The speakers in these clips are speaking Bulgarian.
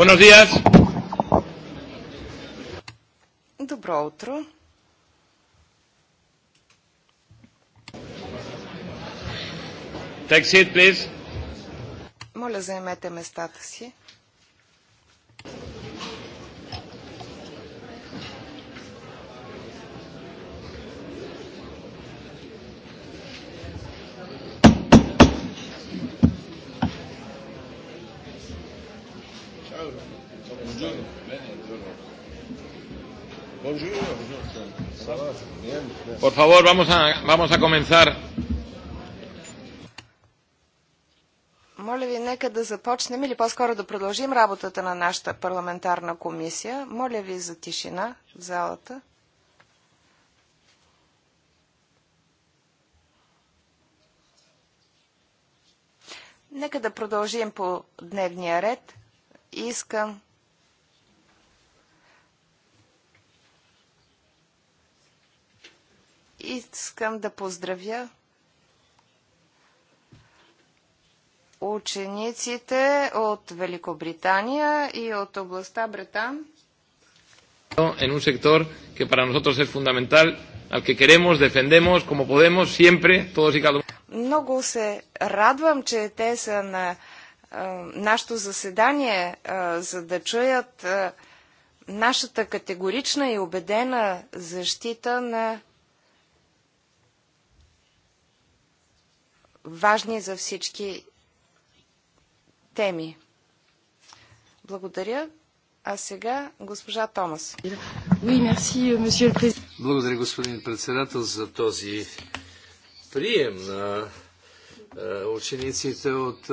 Buenos días. Добро утро. Take seat, please. Моля, заемете местата си. Por favor, vamos a, vamos a comenzar. Моля ви, нека да започнем или по-скоро да продължим работата на нашата парламентарна комисия. Моля ви за тишина в залата. Нека да продължим по дневния ред. Искам Искам да поздравя учениците от Великобритания и от областта Бретан. En un sector que para nosotros es fundamental, al que queremos, defendemos como podemos, siempre, todos y cada uno. Много се радвам, че те са на а, е, нашето заседание, а, е, за да чуят а, е, нашата категорична и убедена защита на важни за всички теми. Благодаря. А сега госпожа Томас. Euh, Благодаря, господин председател, за този прием на е, учениците от е,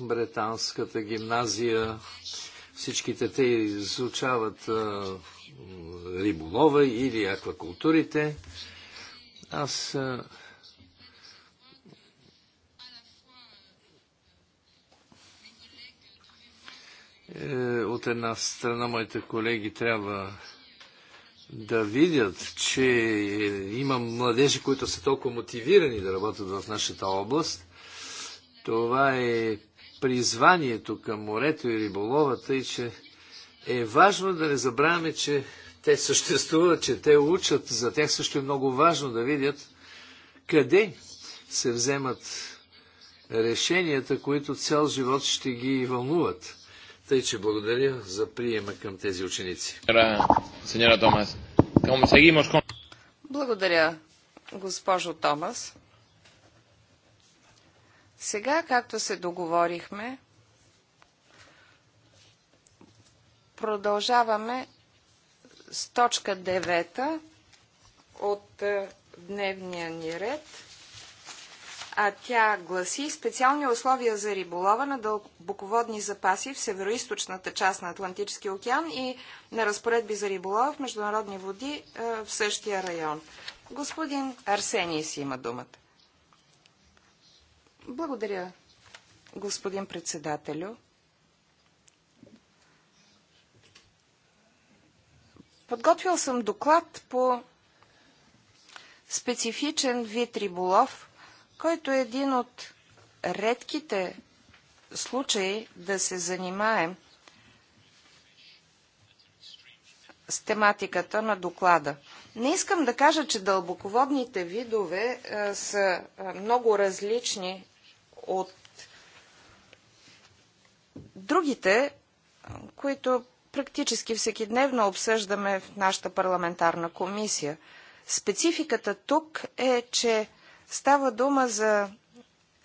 Британската гимназия. Всичките те изучават е, риболова или аквакултурите. Аз Е, от една страна, моите колеги трябва да видят, че има младежи, които са толкова мотивирани да работят в нашата област. Това е призванието към морето и риболовата и че е важно да не забравяме, че те съществуват, че те учат. За тях също е много важно да видят къде се вземат решенията, които цял живот ще ги вълнуват. Тъй, че благодаря за приема към тези ученици. Благодаря, госпожо Томас. Сега, както се договорихме, продължаваме с точка 9 от е, дневния ни ред а тя гласи специални условия за риболова на дълбоководни запаси в североизточната част на Атлантическия океан и на разпоредби за риболова в международни води е, в същия район. Господин Арсений си има думата. Благодаря, господин председателю. Подготвил съм доклад по специфичен вид риболов – който е един от редките случаи да се занимаем с тематиката на доклада. Не искам да кажа, че дълбоководните видове са много различни от другите, които практически всекидневно обсъждаме в нашата парламентарна комисия. Спецификата тук е, че Става дума за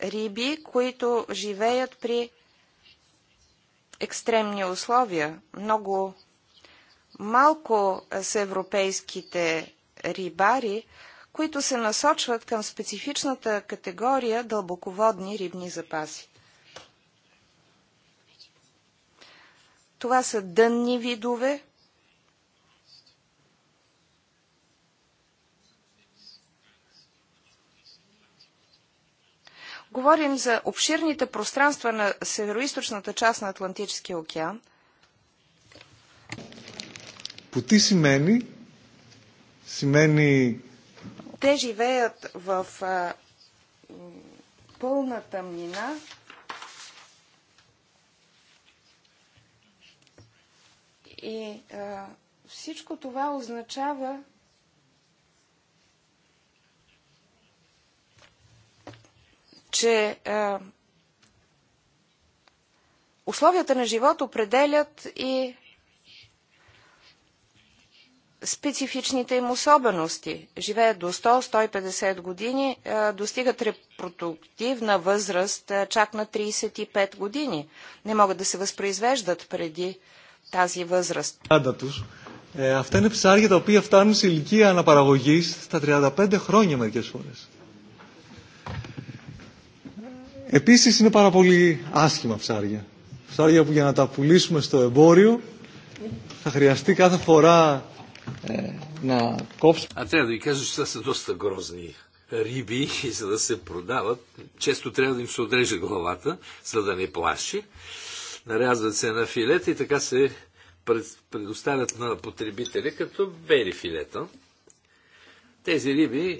риби, които живеят при екстремни условия. Много малко са европейските рибари, които се насочват към специфичната категория дълбоководни рибни запаси. Това са дънни видове, Говорим за обширните пространства на североизточната част на Атлантическия океан. По ти σημени, Те живеят в а, пълна тъмнина. И а, всичко това означава, че а, е, условията на живот определят и специфичните им особености. Живеят до 100-150 години, е, достигат репродуктивна възраст е, чак на 35 години. Не могат да се възпроизвеждат преди тази възраст. Αυτά είναι ψάρια τα οποία φτάνουν σε ηλικία αναπαραγωγής στα 35 χρόνια μερικές φορές. Επίσης είναι πάρα πολύ άσχημα ψάρια. Ψάρια που για να τα πουλήσουμε στο εμπόριο θα χρειαστεί κάθε φορά ε, να κόψουμε. Α, трябва да ви кажа, че това са доста грозни риби за да се продават, често трябва да им се отреже главата, за да не плаши. Нарязват се на филета и така се предоставят на потребителя като бели филета. Тези риби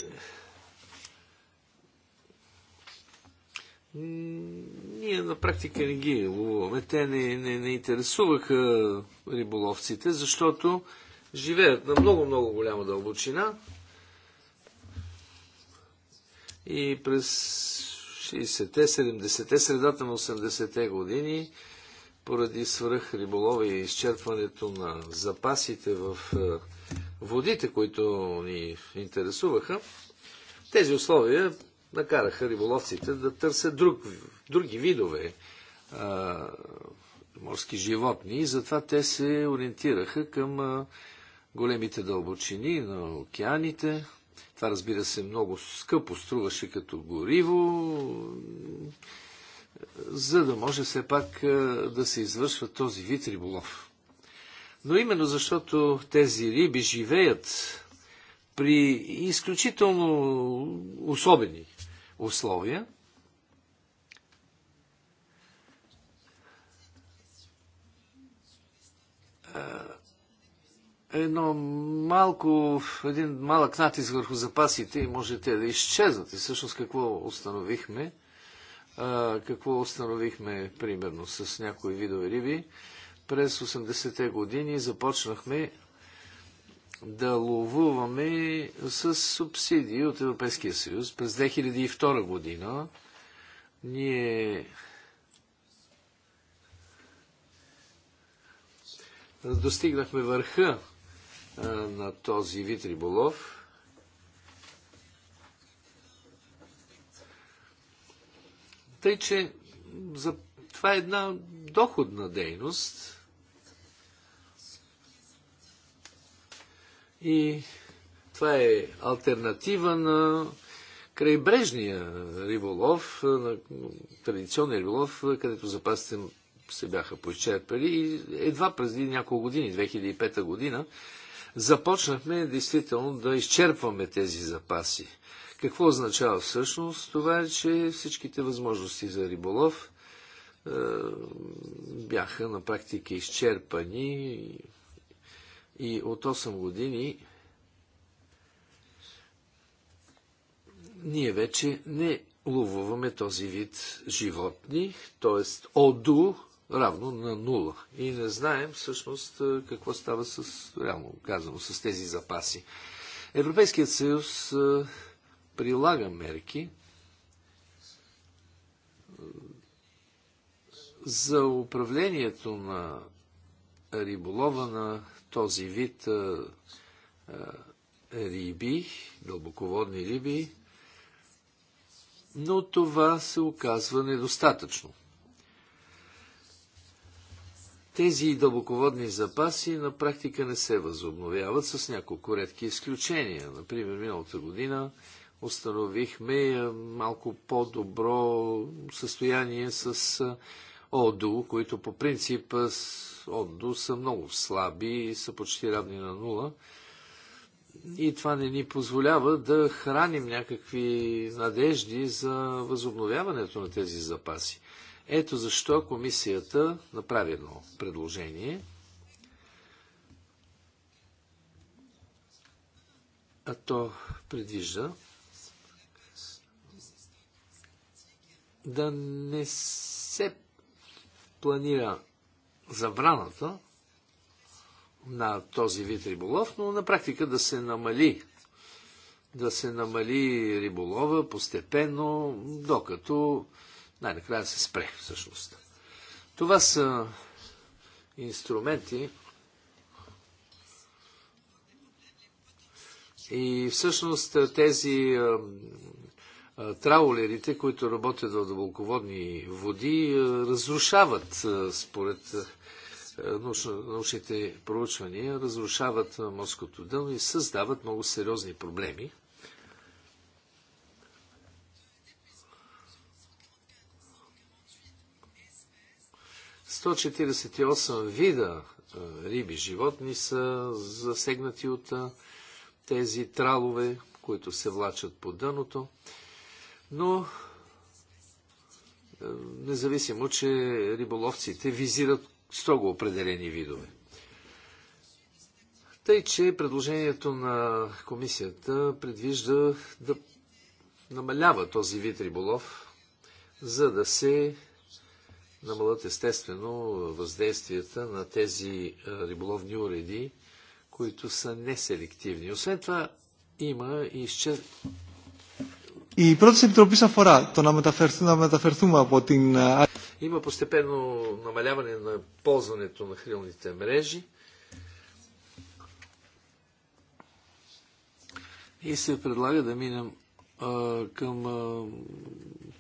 ние на практика не ги ловуваме. Те не, не, не интересуваха риболовците, защото живеят на много-много голяма дълбочина. И през 60-те, 70-те, средата на 80-те години, поради свръх риболова и изчерпването на запасите в е, водите, които ни интересуваха, тези условия накараха риболовците да търсят друг, други видове а, морски животни и затова те се ориентираха към а, големите дълбочини на океаните. Това, разбира се, много скъпо струваше като гориво, за да може все пак а, да се извършва този вид риболов. Но именно защото тези риби живеят при изключително особени условия. Е, едно малко, един малък натиск върху запасите и може те да изчезнат. И всъщност какво установихме? какво установихме, примерно, с някои видове риби? През 80-те години започнахме да ловуваме с субсидии от Европейския съюз. През 2002 година ние достигнахме върха на този вид риболов. Тъй, че за... това е една доходна дейност – И това е альтернатива на крайбрежния риболов, на традиционния риболов, където запасите се бяха поизчерпали. И едва преди няколко години, 2005 година, започнахме действително да изчерпваме тези запаси. Какво означава всъщност? Това е, че всичките възможности за риболов е, бяха на практика изчерпани и от 8 години ние вече не ловуваме този вид животни, т.е. ОДУ равно на нула. И не знаем всъщност какво става с, реално казано, с тези запаси. Европейският съюз прилага мерки за управлението на риболова на този вид а, а, риби, дълбоководни риби, но това се оказва недостатъчно. Тези дълбоководни запаси на практика не се възобновяват с няколко редки изключения. Например, миналата година установихме малко по-добро състояние с ОДУ, които по принцип ОДДО са много слаби и са почти равни на нула. И това не ни позволява да храним някакви надежди за възобновяването на тези запаси. Ето защо комисията направи едно предложение. А то предвижда да не се планира забраната на този вид риболов, но на практика да се намали да се намали риболова постепенно, докато най-накрая се спре всъщност. Това са инструменти и всъщност тези траулерите, които работят в дълбоководни води, разрушават, според научните проучвания, разрушават морското дъно и създават много сериозни проблеми. ...148 вида риби животни са засегнати от тези тралове, които се влачат по дъното но е, независимо, че риболовците визират строго определени видове. Тъй, че предложението на комисията предвижда да намалява този вид риболов, за да се намалят естествено въздействията на тези е, риболовни уреди, които са неселективни. Освен това, има и изчез... Η πρώτη Επιτροπή αφορά το να, μεταφερθούμε, να μεταφερθούμε από την. Има постепенно намаляване на ползването на хрилните мрежи и се предлага да минем а, към а,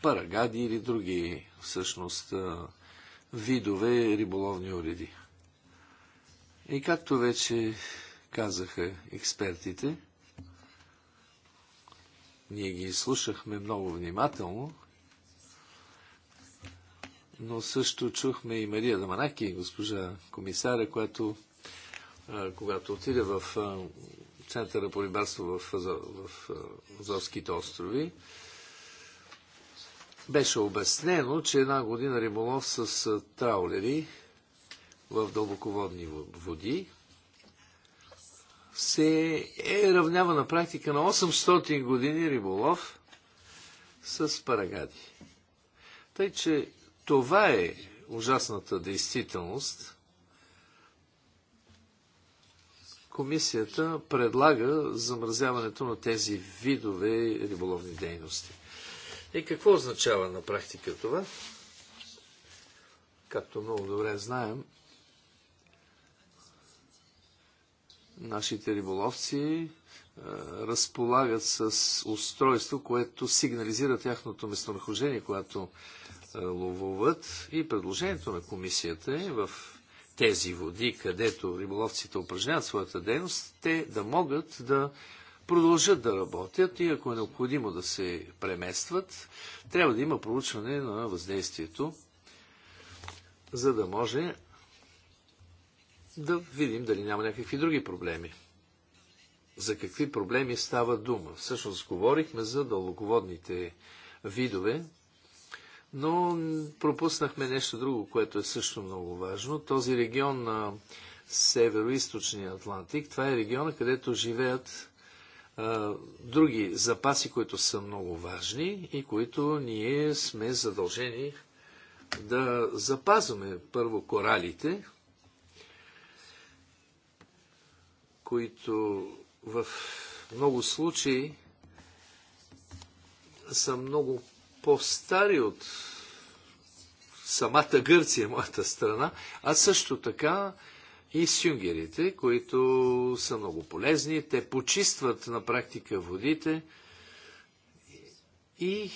парагади или други всъщност а, видове риболовни уреди. И както вече казаха експертите, ние ги слушахме много внимателно, но също чухме и Мария Даманаки, госпожа комисаря, която, когато отиде в Центъра по рибарство в, в Азовските острови, беше обяснено, че една година риболов с траулери в дълбоководни води се е равнява на практика на 800 години риболов с парагади. Тъй, че това е ужасната действителност. Комисията предлага замразяването на тези видове риболовни дейности. И какво означава на практика това? Както много добре знаем, Нашите риболовци е, разполагат с устройство, което сигнализира тяхното местонахожение, което е, ловуват. И предложението на комисията е в тези води, където риболовците упражняват своята дейност, те да могат да продължат да работят и ако е необходимо да се преместват, трябва да има проучване на въздействието, за да може да видим дали няма някакви други проблеми. За какви проблеми става дума? Всъщност говорихме за дълбоководните видове, но пропуснахме нещо друго, което е също много важно. Този регион на Северо-Источния Атлантик, това е региона, където живеят а, други запаси, които са много важни и които ние сме задължени да запазваме първо коралите, които в много случаи са много по-стари от самата Гърция, моята страна, а също така и сюнгерите, които са много полезни. Те почистват на практика водите и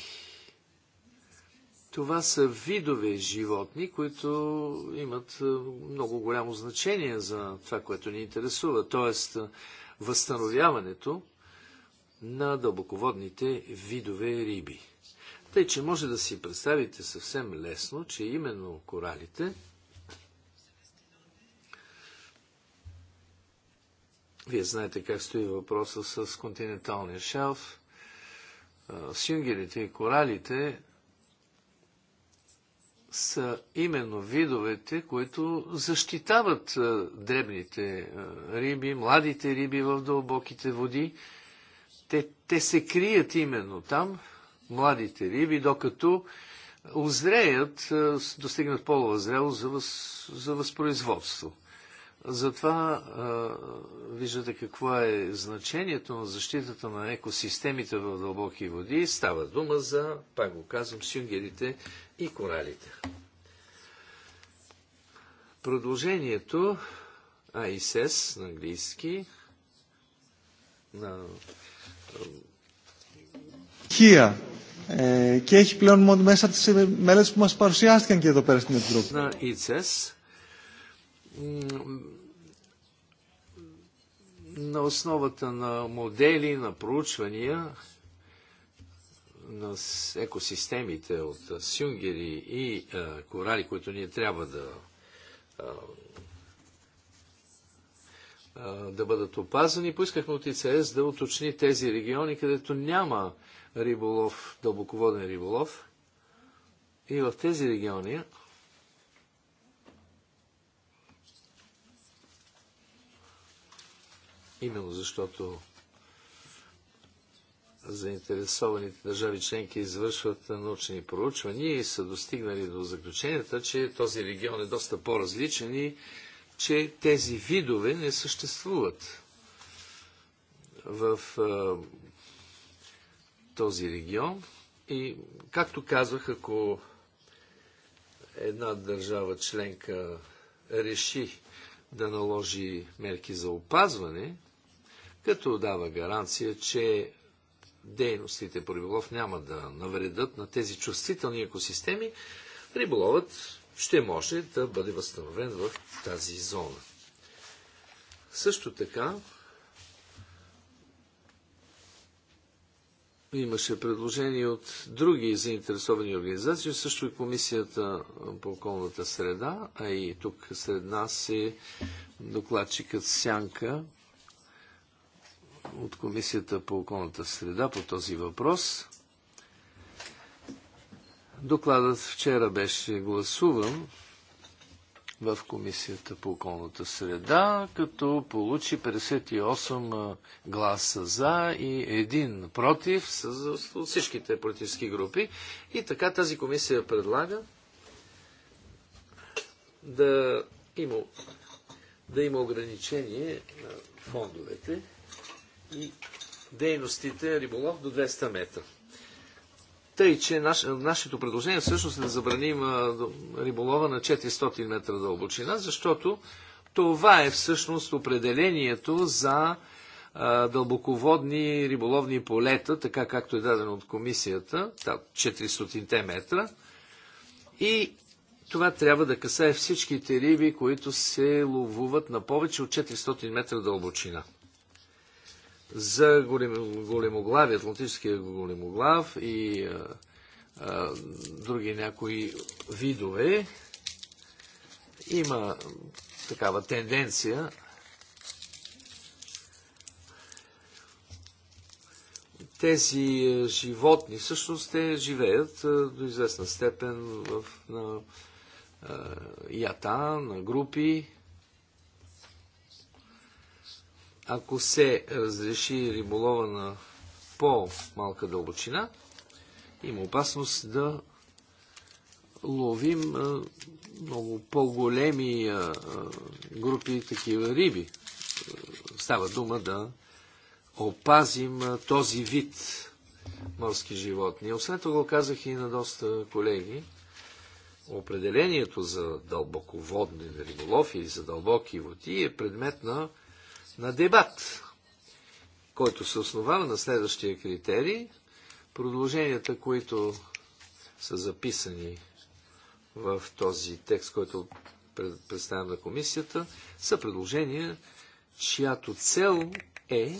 това са видове животни, които имат е, много голямо значение за това, което ни интересува, т.е. възстановяването на дълбоководните видове риби. Тъй, че може да си представите съвсем лесно, че именно коралите Вие знаете как стои въпроса с континенталния шелф. Е, Сюнгерите и коралите са именно видовете, които защитават е, дребните е, риби, младите риби в дълбоките води. Те, те се крият именно там, младите риби, докато озреят, е, достигнат полова зрелост за, въз, за възпроизводство. Затова виждате какво е значението на защитата на екосистемите в дълбоки води. Става дума за, пак го казвам, сюнгерите и коралите. Продължението АИСЕС на английски на Кия. Ε, е, και έχει πλέον μέσα τις μελέτες που μας παρουσιάστηκαν και εδώ πέρα στην Επιτροπή. Να ΙΤΣΕΣ на основата на модели, на проучвания на екосистемите от сюнгери и а, корали, които ние трябва да а, да бъдат опазани. Поискахме от ИЦС да уточни тези региони, където няма риболов, дълбоководен риболов. И в тези региони Именно защото заинтересованите държави членки извършват научни проучвания и са достигнали до заключенията, че този регион е доста по-различен и че тези видове не съществуват в а, този регион. И, както казах, ако една държава членка реши да наложи мерки за опазване, като дава гаранция, че дейностите по риболов няма да навредят на тези чувствителни екосистеми, риболовът ще може да бъде възстановен в тази зона. Също така, имаше предложение от други заинтересовани организации, също и Комисията по околната среда, а и тук сред нас е докладчикът Сянка от Комисията по околната среда по този въпрос. Докладът вчера беше гласуван в Комисията по околната среда, като получи 58 гласа за и един против с всичките политически групи. И така тази комисия предлага да има, да има ограничение на фондовете и дейностите риболов до 200 метра. Тъй, че наш, нашето предложение всъщност е да забраним риболова на 400 метра дълбочина, защото това е всъщност определението за дълбоководни риболовни полета, така както е дадено от комисията, 400 метра. И това трябва да касае всичките риби, които се ловуват на повече от 400 метра дълбочина за голем, големоглави, атлантическия големоглав и а, а, други някои видове, има такава тенденция тези животни, всъщност те живеят до известна степен в, на на ята, на групи, ако се разреши риболова на по-малка дълбочина, има опасност да ловим много по-големи групи такива риби. Става дума да опазим този вид морски животни. Освен това го казах и на доста колеги. Определението за дълбоководни риболов или за дълбоки води е предмет на на дебат, който се основава на следващия критерий. Продълженията, които са записани в този текст, който представям на комисията, са предложения, чиято цел е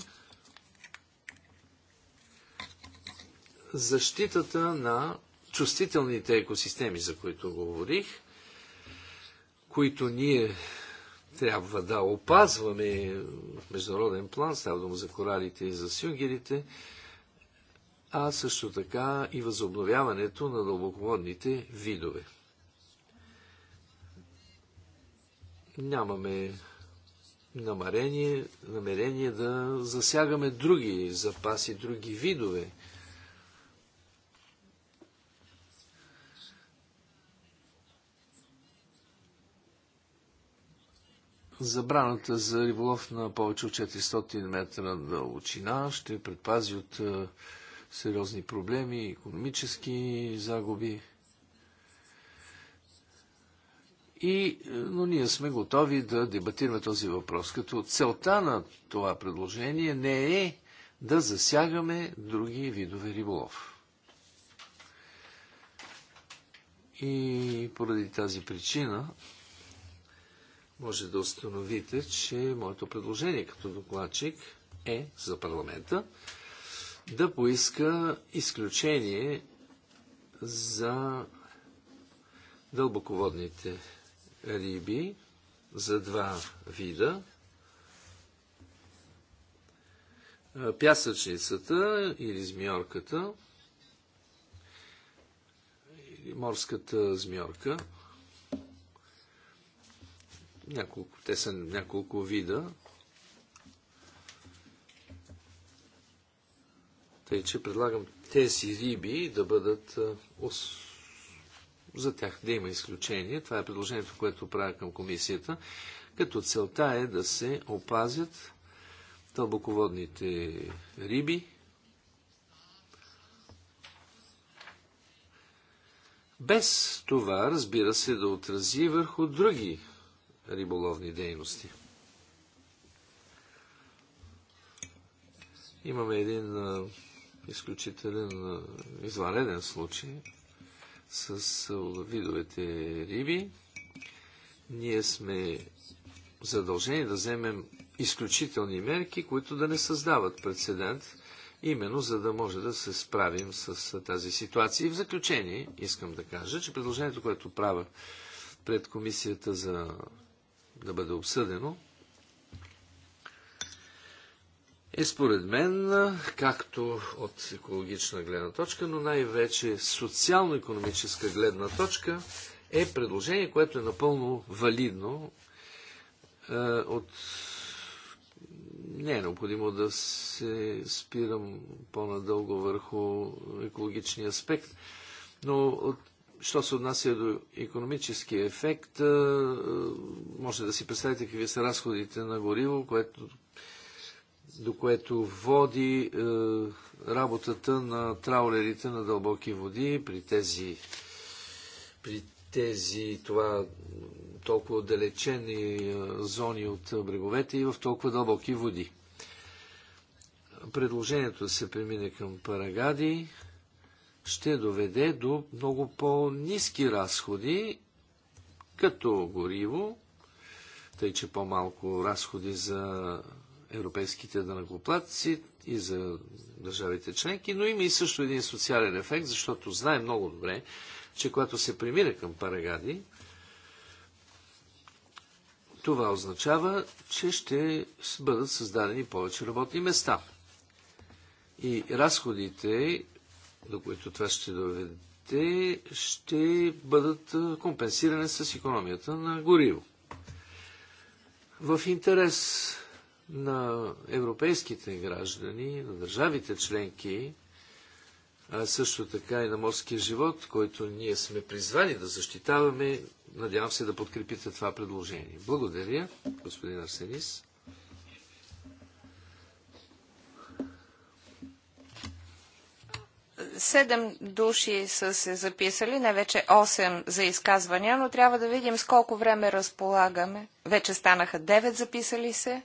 защитата на чувствителните екосистеми, за които говорих, които ние трябва да опазваме в международен план, става дума за коралите и за сюнгерите, а също така и възобновяването на дълбоководните видове. Нямаме намерение, намерение да засягаме други запаси, други видове. Забраната за риболов на повече от 400 метра дълбочина ще предпази от е, сериозни проблеми, економически загуби. И, е, но ние сме готови да дебатираме този въпрос, като целта на това предложение не е да засягаме други видове риболов. И поради тази причина може да установите, че моето предложение като докладчик е за парламента да поиска изключение за дълбоководните риби за два вида. Пясъчницата или змиорката, или морската змиорка – няколко, те са няколко вида. Тъй, че предлагам тези риби да бъдат за тях да има изключение. Това е предложението, което правя към комисията, като целта е да се опазят тълбоководните риби, без това, разбира се, да отрази върху други риболовни дейности. Имаме един изключителен извънреден случай с видовете риби. Ние сме задължени да вземем изключителни мерки, които да не създават прецедент, именно за да може да се справим с тази ситуация. И в заключение искам да кажа, че предложението, което правя пред Комисията за да бъде обсъдено, е според мен, както от екологична гледна точка, но най-вече социално-економическа гледна точка, е предложение, което е напълно валидно. Е, от... Не е необходимо да се спирам по-надълго върху екологичния аспект, но от Що се отнася до економическия ефект, може да си представите какви са разходите на гориво, което, до което води работата на траулерите на дълбоки води при тези, при тези това толкова отдалечени зони от бреговете и в толкова дълбоки води. Предложението да се премине към Парагади ще доведе до много по-низки разходи, като гориво, тъй че по-малко разходи за европейските данъкоплатци и за държавите членки, но има и също един социален ефект, защото знае много добре, че когато се премира към парагади, това означава, че ще бъдат създадени повече работни места. И разходите до които това ще доведе, ще бъдат компенсирани с економията на гориво. В интерес на европейските граждани, на държавите членки, а също така и на морския живот, който ние сме призвани да защитаваме. Надявам се да подкрепите това предложение. Благодаря, господин Арсенис. Седем души са се записали, не вече 8 за изказвания, но трябва да видим с колко време разполагаме. Вече станаха 9 записали се.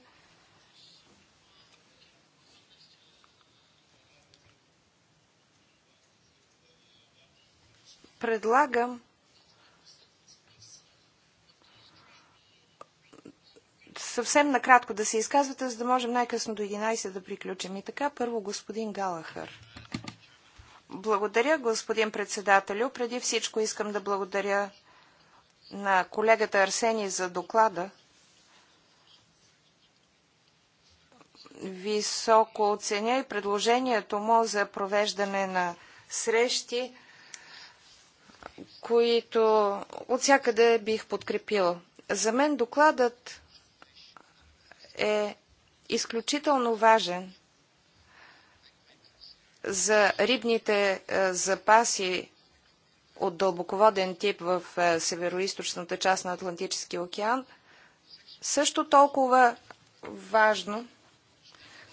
Предлагам съвсем накратко да се изказвате, за да можем най-късно до 11 да приключим. И така, първо господин Галахър. Благодаря, господин председателю. Преди всичко искам да благодаря на колегата Арсений за доклада. Високо оценя и предложението му за провеждане на срещи, които от всякъде бих подкрепила. За мен докладът е изключително важен – за рибните е, запаси от дълбоководен тип в е, североизточната част на Атлантическия океан, също толкова важно,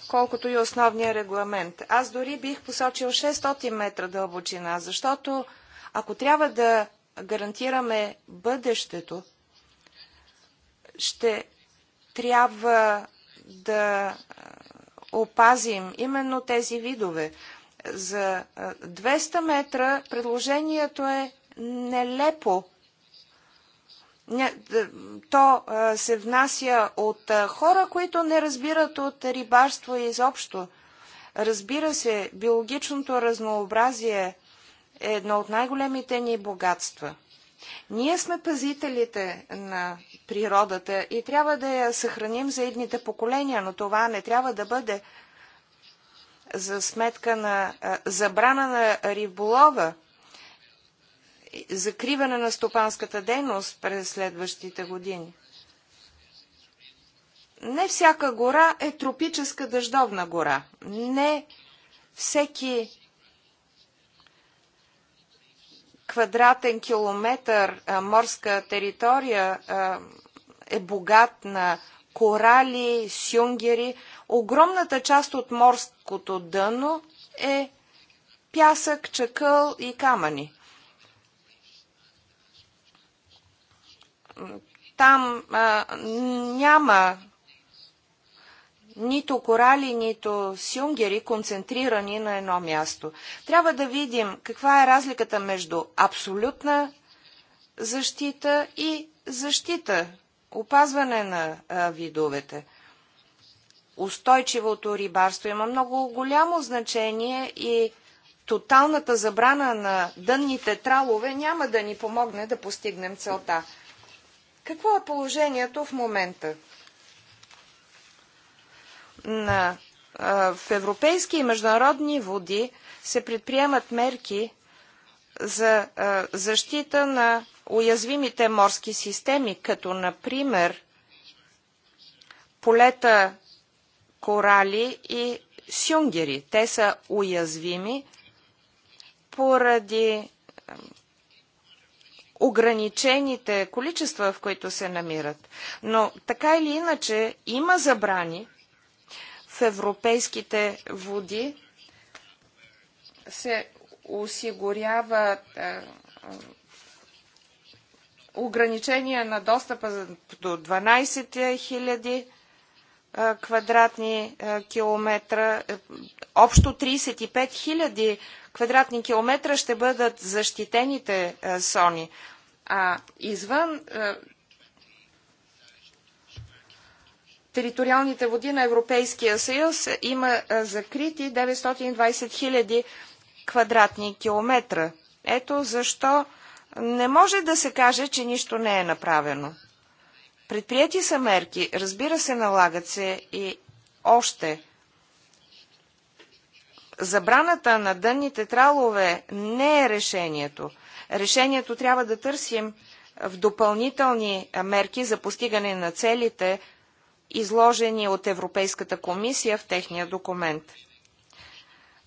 колкото и основния регламент. Аз дори бих посочил 600 метра дълбочина, защото ако трябва да гарантираме бъдещето, ще трябва да е, опазим именно тези видове. За 200 метра предложението е нелепо. То се внася от хора, които не разбират от рибарство изобщо. Разбира се, биологичното разнообразие е едно от най-големите ни богатства. Ние сме пазителите на природата и трябва да я съхраним за едните поколения, но това не трябва да бъде за сметка на забрана на риболова, закриване на стопанската дейност през следващите години. Не всяка гора е тропическа дъждовна гора. Не всеки квадратен километър морска територия е богат на корали, сюнгери. Огромната част от морското дъно е пясък, чакъл и камъни. Там а, няма нито корали, нито сюнгери, концентрирани на едно място. Трябва да видим каква е разликата между абсолютна защита и защита опазване на видовете. Устойчивото рибарство има много голямо значение и тоталната забрана на дънните тралове няма да ни помогне да постигнем целта. Какво е положението в момента? На, в европейски и международни води се предприемат мерки за защита на уязвимите морски системи, като например полета корали и сюнгери. Те са уязвими поради ограничените количества, в които се намират. Но така или иначе има забрани в европейските води се осигурява ограничение на достъпа до 12 000 квадратни километра. Е, общо 35 000 квадратни километра ще бъдат защитените зони. А извън териториалните води на Европейския съюз има закрити 920 000 квадратни километра. Ето защо не може да се каже, че нищо не е направено. Предприяти са мерки, разбира се, налагат се и още. Забраната на дънните тралове не е решението. Решението трябва да търсим в допълнителни мерки за постигане на целите, изложени от Европейската комисия в техния документ.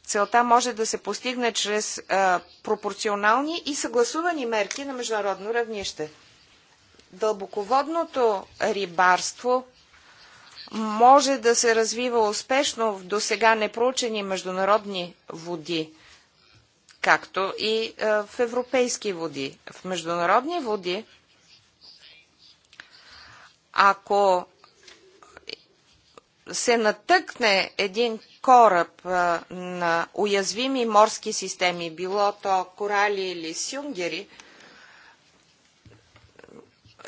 Целта може да се постигне чрез а, пропорционални и съгласувани мерки на международно равнище. Дълбоководното рибарство може да се развива успешно в досега непроучени международни води, както и а, в европейски води. В международни води, ако се натъкне един кораб на уязвими морски системи, било то корали или сюнгери,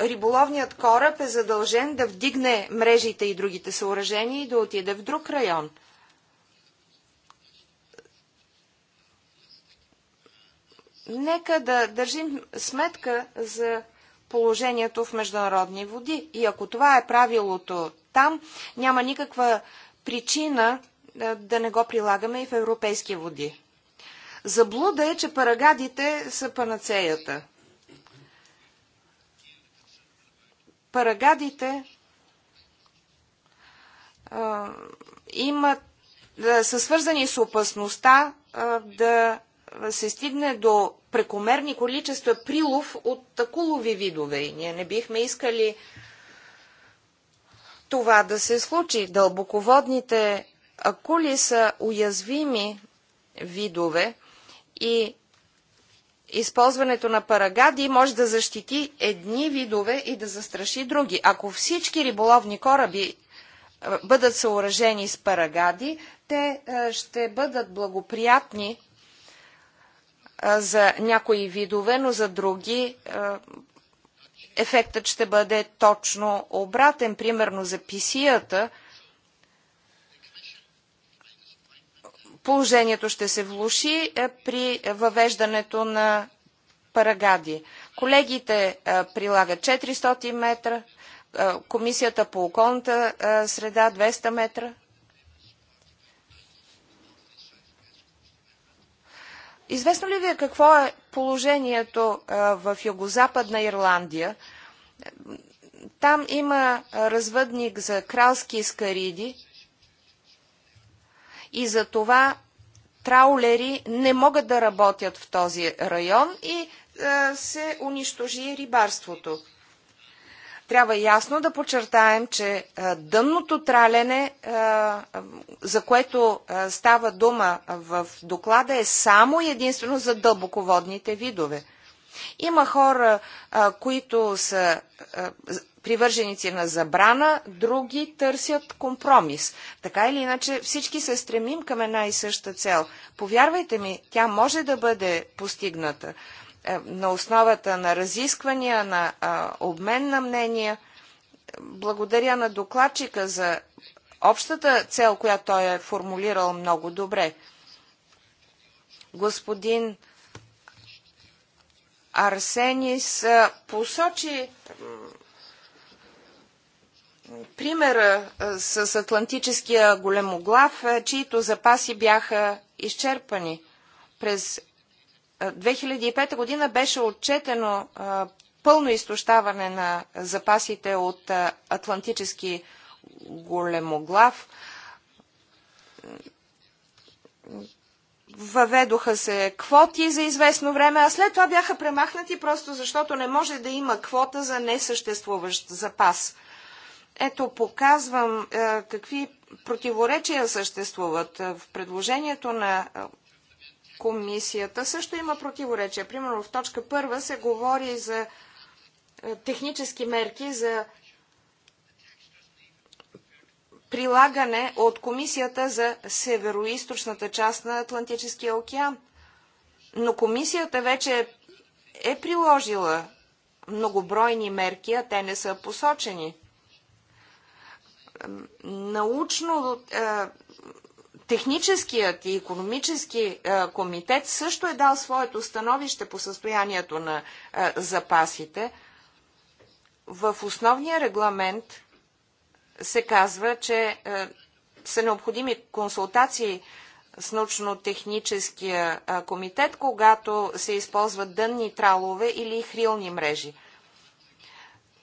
риболовният кораб е задължен да вдигне мрежите и другите съоръжения и да отиде в друг район. Нека да държим сметка за положението в международни води. И ако това е правилото там няма никаква причина е, да не го прилагаме и в европейски води. Заблуда е, че парагадите са панацеята. Парагадите а, е, имат, да, е, са свързани с опасността а, да се стигне до прекомерни количества прилов от такулови видове. Ние не бихме искали а, това да се случи. Дълбоководните акули са уязвими видове и използването на парагади може да защити едни видове и да застраши други. Ако всички риболовни кораби е, бъдат съоръжени с парагади, те е, ще бъдат благоприятни е, за някои видове, но за други ефектът ще бъде точно обратен. Примерно за писията положението ще се влуши е, при въвеждането на парагади. Колегите е, прилагат 400 метра, е, комисията по околната среда 200 метра. Известно ли ви е какво е положението в Югозападна Ирландия? Там има развъдник за кралски скариди и за това траулери не могат да работят в този район и се унищожи рибарството трябва ясно да подчертаем, че дънното тралене, за което става дума в доклада, е само единствено за дълбоководните видове. Има хора, които са привърженици на забрана, други търсят компромис. Така или иначе всички се стремим към една и съща цел. Повярвайте ми, тя може да бъде постигната. Е, на основата на разисквания, на обмен на мнения. Благодаря на докладчика за общата цел, която той е формулирал много добре. Господин Арсенис посочи примера с Атлантическия големоглав, чието запаси бяха изчерпани. През 2005 година беше отчетено пълно изтощаване на запасите от атлантически големоглав. Въведоха се квоти за известно време, а след това бяха премахнати просто защото не може да има квота за несъществуващ запас. Ето показвам е, какви противоречия съществуват в предложението на комисията също има противоречия. Примерно в точка първа се говори за е, технически мерки за прилагане от комисията за североизточната част на Атлантическия океан. Но комисията вече е приложила многобройни мерки, а те не са посочени. Научно е, Техническият и економически е, комитет също е дал своето становище по състоянието на е, запасите. В основния регламент се казва, че е, са необходими консултации с научно-техническия комитет, когато се използват дънни тралове или хрилни мрежи.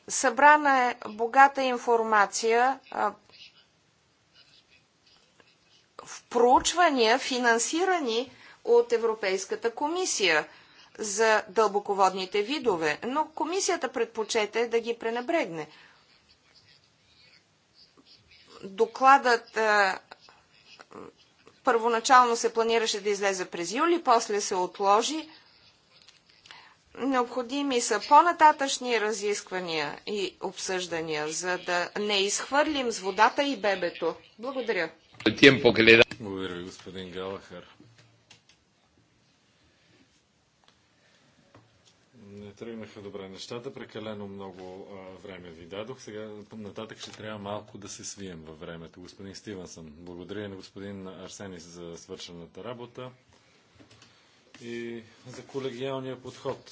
Събрана е богата информация в проучвания, финансирани от Европейската комисия за дълбоководните видове, но комисията предпочете да ги пренебрегне. Докладът а, е, първоначално се планираше да излезе през юли, после се отложи. Необходими са по-нататъчни разисквания и обсъждания, за да не изхвърлим с водата и бебето. Благодаря. Благодаря ви, господин Галахър. Не тръгнаха добре нещата, прекалено много а, време ви дадох. Сега нататък ще трябва малко да се свием във времето. Господин Стивенсън, благодаря на господин Арсенис за свършената работа и за колегиалния подход,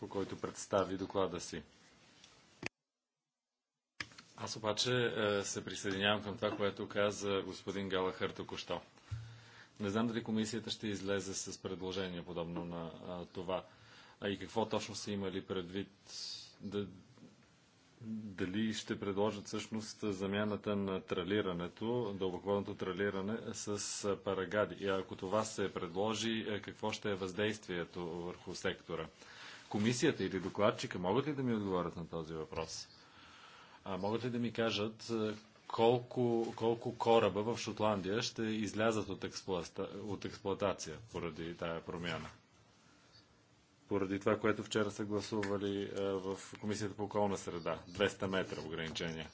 по който представи доклада си. Аз обаче е, се присъединявам към това, което каза господин Галахър току-що. Не знам дали комисията ще излезе с предложение подобно на това. А и какво точно са имали предвид? дали ще предложат всъщност замяната на тралирането, дълбоководното тралиране с парагади? И ако това се предложи, е, какво ще е въздействието върху сектора? Комисията или докладчика могат ли да ми отговорят на този въпрос? А могат ли да ми кажат колко, колко кораба в Шотландия ще излязат от, експлуата, от експлуатация поради тая промяна? Поради това, което вчера са гласували в Комисията по околна среда. 200 метра ограничение.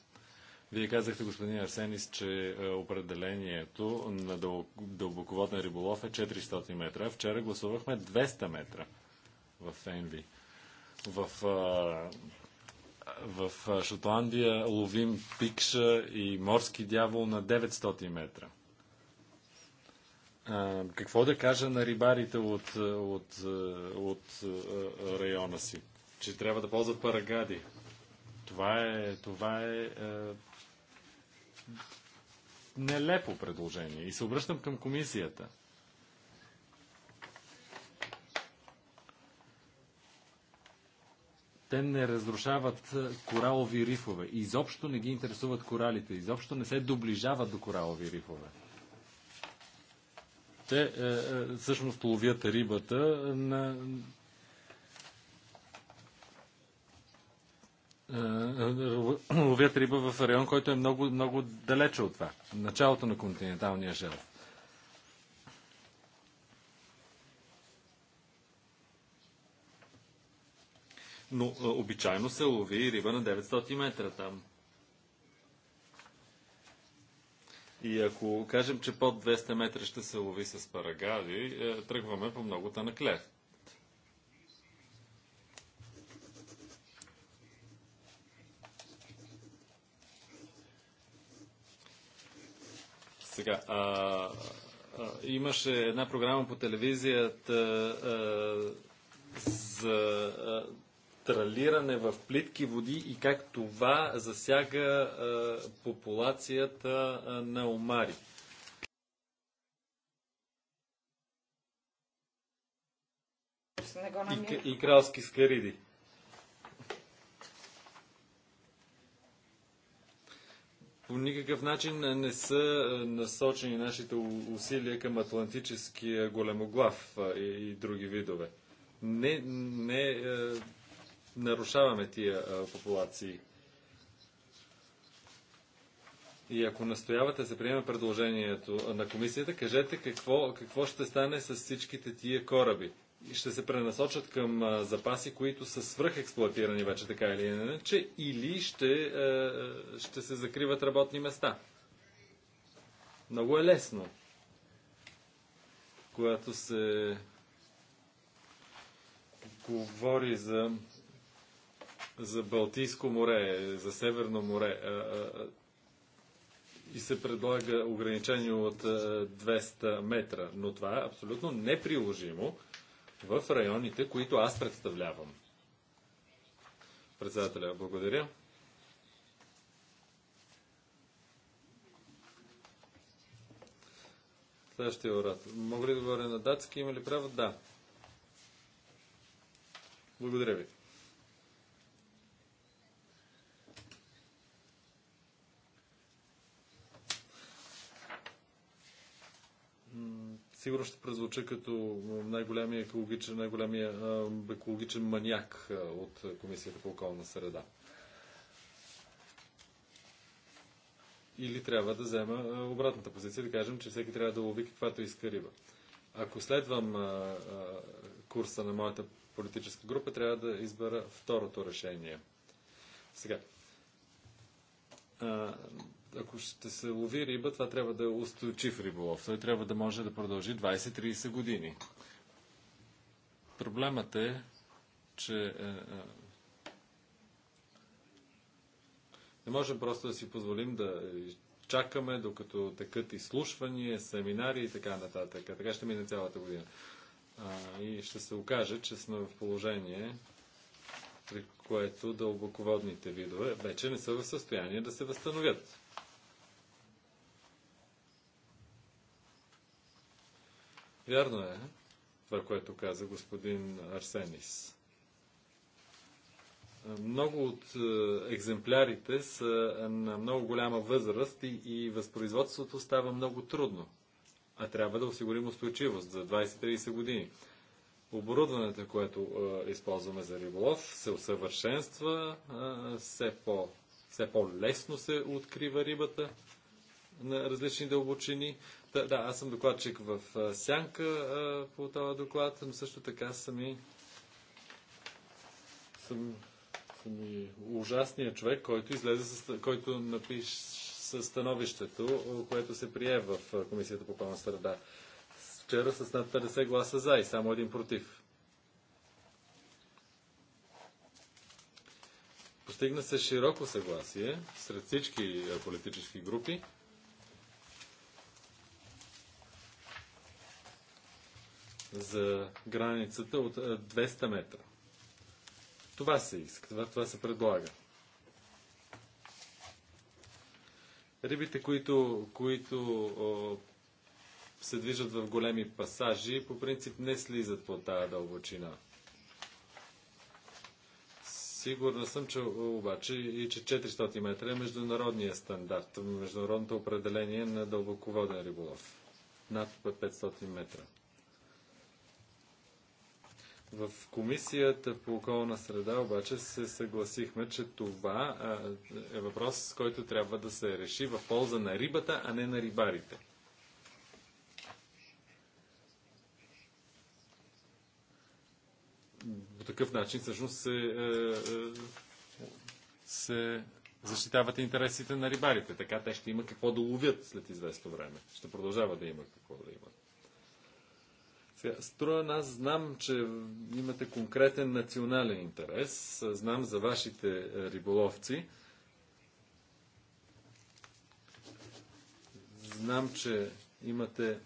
Вие казахте, господин Арсенис, че определението на дълбоководен риболов е 400 метра. Вчера гласувахме 200 метра в ЕНВИ. В в Шотландия ловим пикша и морски дявол на 900 метра. А, какво да кажа на рибарите от, от, от, от района си? Че трябва да ползват парагади. Това е, това е, е нелепо предложение. И се обръщам към комисията – Те не разрушават е, коралови рифове. Изобщо не ги интересуват коралите. Изобщо не се доближават до коралови рифове. Те е, е всъщност ловят рибата на е, ловят риба в район, който е много, много далече от това. Началото на континенталния шелф. но а, обичайно се лови риба на 900 метра там. И ако кажем, че под 200 метра ще се лови с парагади, е, тръгваме по много на клев. Сега, а, а, имаше една програма по телевизията а, за а, тралиране в плитки води и как това засяга популацията на омари. и, и кралски скариди. По никакъв начин не са насочени нашите усилия към атлантическия големоглав и, и други видове. Не, не нарушаваме тия а, популации. И ако настоявате се приеме предложението на комисията, кажете какво, какво ще стане с всичките тия кораби. И ще се пренасочат към а, запаси, които са свръхексплуатирани вече така или иначе, или ще, а, ще се закриват работни места. Много е лесно, когато се говори за за Балтийско море, за Северно море и се предлага ограничение от 200 метра, но това е абсолютно неприложимо в районите, които аз представлявам. Председателя, благодаря. Следващия оратор. Мога ли да говоря на датски? Има ли право? Да. Благодаря ви. сигурно ще прозвуча като най-големия екологичен, най-големия екологичен маняк от Комисията по околна среда. Или трябва да взема обратната позиция, да кажем, че всеки трябва да лови каквато иска риба. Ако следвам курса на моята политическа група, трябва да избера второто решение. Сега ако ще се лови риба, това трябва да е устойчив риболов. Той трябва да може да продължи 20-30 години. Проблемът е, че е, е, не можем просто да си позволим да чакаме, докато текат изслушвания, семинари и така нататък. Така ще мине цялата година. и ще се окаже, че сме в положение, при което дълбоководните видове вече не са в състояние да се възстановят. Вярно е това, което каза господин Арсенис. Много от е, екземплярите са на много голяма възраст и, и възпроизводството става много трудно. А трябва да осигурим устойчивост за 20-30 години. Оборудването, което е, използваме за риболов, се усъвършенства, е, все, по, все по-лесно се открива рибата на различни дълбочини. Да, да, аз съм докладчик в Сянка а, по този доклад, но също така съм и съм, съм и ужасният човек, който излезе, с, който напиш становището, което се прие в Комисията по околна среда. Вчера с над 50 гласа за и само един против. Постигна се широко съгласие сред всички политически групи. за границата от 200 метра. Това се иска, това, това се предлага. Рибите, които, които о, се движат в големи пасажи, по принцип не слизат по тази дълбочина. Сигурна съм, че обаче и че 400 метра е международния стандарт, международното определение на дълбоководен риболов. Над 500 метра. В комисията по околна среда обаче се съгласихме, че това е въпрос, който трябва да се реши в полза на рибата, а не на рибарите. По такъв начин всъщност се, е, е, се защитават интересите на рибарите. Така те ще има какво да ловят след известно време. Ще продължава да има какво да имат. Сега, струва аз знам, че имате конкретен национален интерес. Знам за вашите е, риболовци. Знам, че имате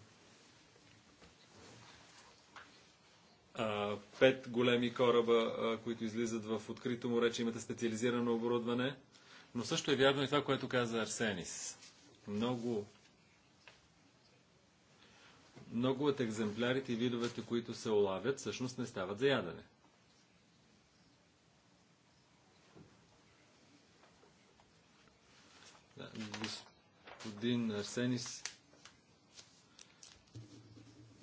а, пет големи кораба, а, които излизат в открито море, че имате специализирано оборудване. Но също е вярно и това, което каза Арсенис. Много много от екземплярите и видовете, които се улавят, всъщност не стават за ядене. Да, господин Арсенис,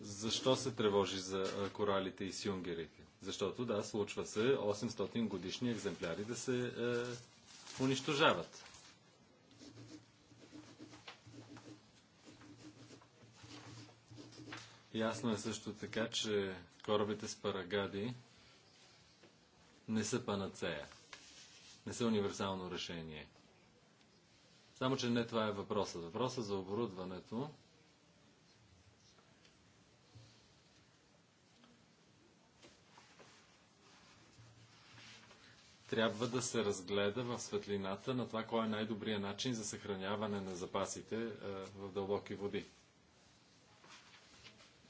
защо се тревожи за коралите и сюнгерите? Защото, да, случва се 800 годишни екземпляри да се е, унищожават. Ясно е също така, че корабите с парагади не са панацея. Не са универсално решение. Само, че не това е въпросът. Въпроса за оборудването трябва да се разгледа в светлината на това, кой е най-добрият начин за съхраняване на запасите в дълбоки води.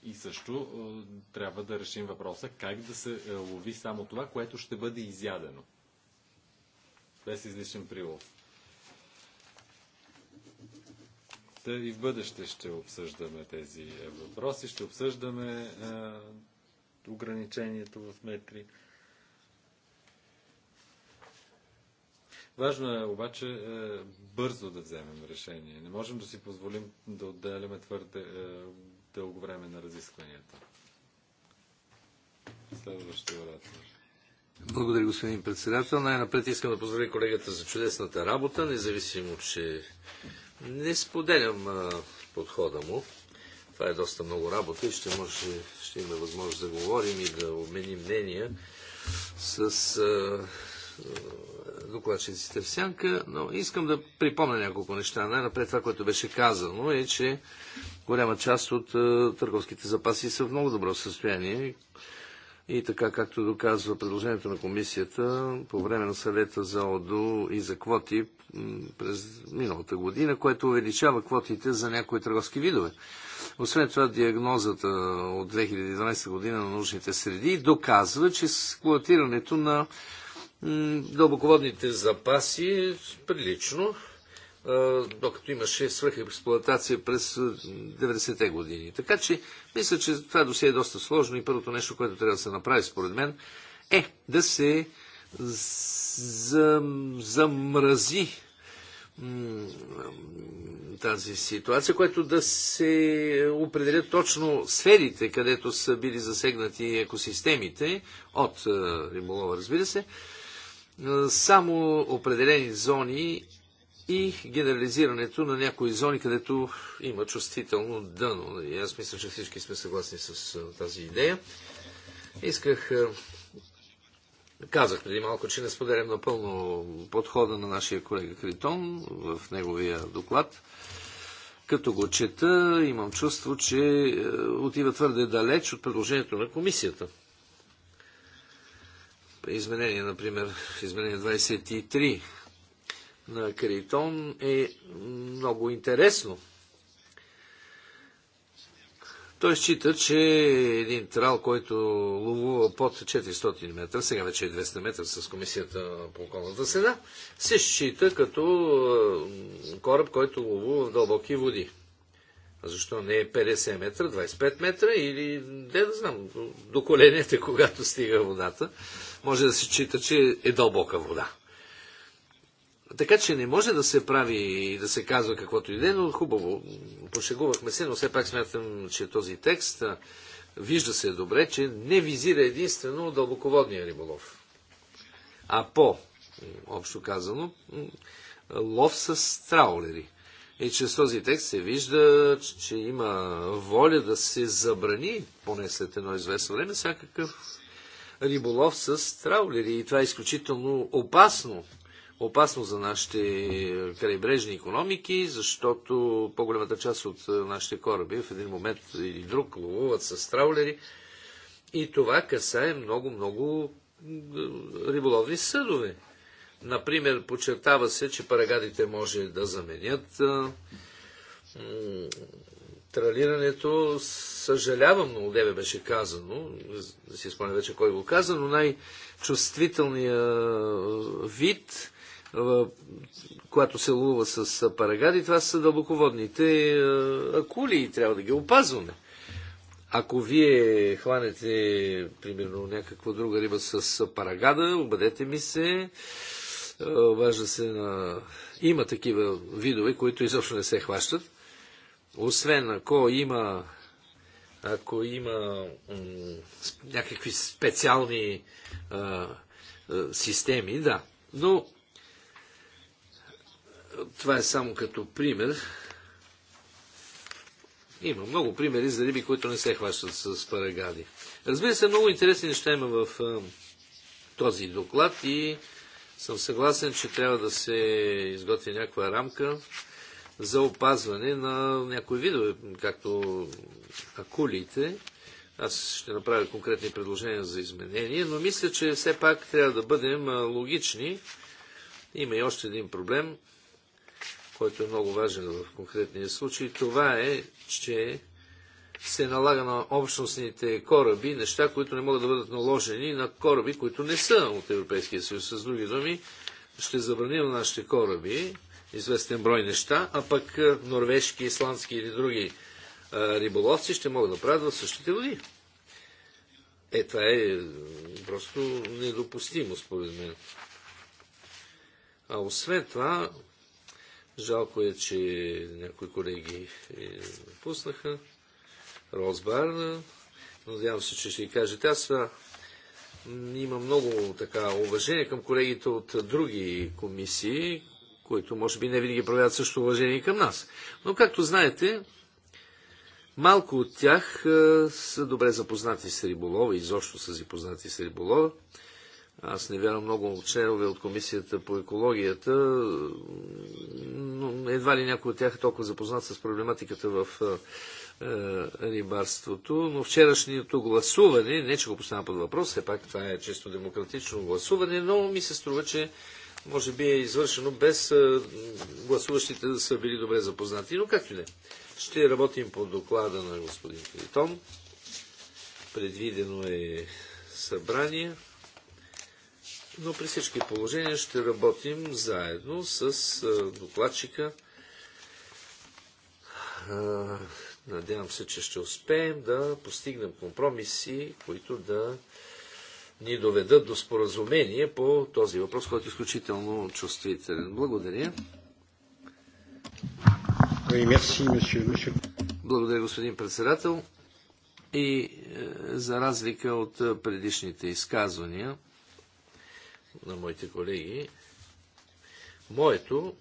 И също е, трябва да решим въпроса как да се е, лови само това, което ще бъде изядено. Без излишен прилов. Та и в бъдеще ще обсъждаме тези е, въпроси, ще обсъждаме а, ограничението в метри. Важно е обаче е, бързо да вземем решение. Не можем да си позволим да отделяме твърде е, дълго време на разискванията. Следващия оратор. Благодаря, господин председател. Най-напред искам да поздравя колегата за чудесната работа, независимо, че не споделям а, подхода му. Това е доста много работа и ще, може, ще има възможност да говорим и да обменим мнения с а, докладчиците в сянка, но искам да припомня няколко неща. Най-напред това, което беше казано е, че голяма част от е, търговските запаси са в много добро състояние. И така, както доказва предложението на комисията по време на съвета за ОДО и за квоти през миналата година, което увеличава квотите за някои търговски видове. Освен това, диагнозата от 2012 година на научните среди доказва, че експлуатирането на дълбоководните запаси е прилично докато имаше свръхексплуатация през 90-те години. Така че, мисля, че това досие е доста сложно и първото нещо, което трябва да се направи, според мен, е да се замрази тази ситуация, което да се определят точно сферите, където са били засегнати екосистемите от риболова, разбира се, само определени зони и генерализирането на някои зони, където има чувствително дъно. И нали, аз мисля, че всички сме съгласни с тази идея. Исках Казах преди малко, че не споделям напълно подхода на нашия колега Критон в неговия доклад. Като го чета, имам чувство, че отива твърде далеч от предложението на комисията. Изменение, например, изменение 23 на Критон е много интересно. Той счита, че един трал, който ловува под 400 метра, сега вече е 200 метра с комисията по околната среда, се счита като кораб, който ловува в дълбоки води. А защо не е 50 метра, 25 метра или, не да знам, до коленете, когато стига водата, може да се счита, че е дълбока вода. Така че не може да се прави и да се казва каквото и да е, но хубаво. Пошегувахме се, но все пак смятам, че този текст вижда се добре, че не визира единствено дълбоководния риболов. А по, общо казано, лов с траулери. И чрез този текст се вижда, че има воля да се забрани, поне след едно известно време, всякакъв риболов с траулери. И това е изключително опасно опасно за нашите крайбрежни економики, защото по-голямата част от нашите кораби в един момент или друг ловуват с траулери. И това касае много-много риболовни съдове. Например, подчертава се, че парагадите може да заменят тралирането. Съжалявам, много деве беше казано, не си спомня вече кой го каза, но най-чувствителният вид която се лува с парагади, това са дълбоководните акули и трябва да ги опазваме. Ако вие хванете, примерно, някаква друга риба с парагада, обадете ми се. Обажда се на... Има такива видове, които изобщо не се хващат. Освен ако има ако има някакви специални а, а, системи, да. Но това е само като пример. Има много примери за риби, които не се хващат с парагали. Разбира се, много интересни неща има в този доклад и съм съгласен, че трябва да се изготви някаква рамка за опазване на някои видове, както акулите. Аз ще направя конкретни предложения за изменение, но мисля, че все пак трябва да бъдем логични. Има и още един проблем който е много важен в конкретния случай, това е, че се налага на общностните кораби неща, които не могат да бъдат наложени на кораби, които не са от Европейския съюз. С други думи, ще забраним на нашите кораби известен брой неща, а пък е, норвежки, исландски или други е, риболовци ще могат да правят в същите води. Е, това е, е просто недопустимо, според мен. А освен това, Жалко е, че някои колеги е, напуснаха. Барна. Надявам се, че ще ви кажете. Аз имам много така уважение към колегите от други комисии, които може би не винаги правят също уважение към нас. Но както знаете, малко от тях е, са добре запознати с риболова, изобщо са запознати с риболова. Аз не вярвам много членове от Комисията по екологията, но едва ли някой от тях е толкова запознат с проблематиката в е, е, рибарството. Но вчерашното гласуване, не че го поставям под въпрос, все пак това е чисто демократично гласуване, но ми се струва, че може би е извършено без е, гласуващите да са били добре запознати. Но както и не. Ще работим по доклада на господин Критон. Предвидено е събрание но при всички положения ще работим заедно с докладчика. Надявам се, че ще успеем да постигнем компромиси, които да ни доведат до споразумение по този въпрос, който е изключително чувствителен. Благодаря. Благодаря, господин председател. И е, за разлика от предишните изказвания, на моите колеги. Моето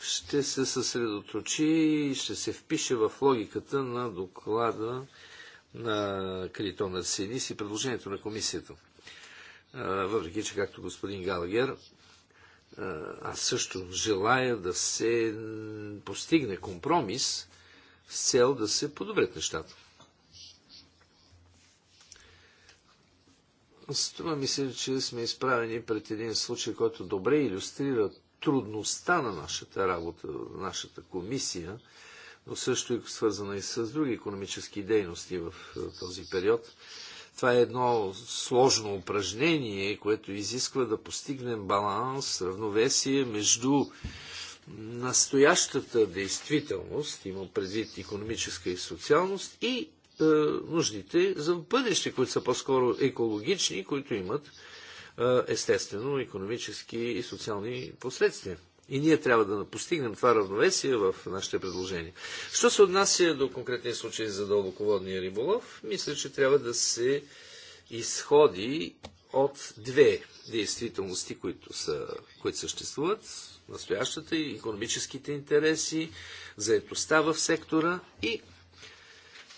ще се съсредоточи и ще се впише в логиката на доклада на Критона Синис и предложението на комисията. Въпреки, че както господин Галагер, аз също желая да се постигне компромис с цел да се подобрят нещата. Струва ми се, че сме изправени пред един случай, който добре иллюстрира трудността на нашата работа, на нашата комисия, но също и свързана и с други економически дейности в е, този период. Това е едно сложно упражнение, което изисква да постигнем баланс, равновесие между настоящата действителност, има предвид економическа и социалност, и е, нуждите за бъдеще, които са по-скоро екологични, които имат е, естествено економически и социални последствия. И ние трябва да постигнем това равновесие в нашите предложения. Що се отнася до конкретния случай за дълбоководния риболов, мисля, че трябва да се изходи от две действителности, които, са, които съществуват, настоящата и економическите интереси, заетостта в сектора и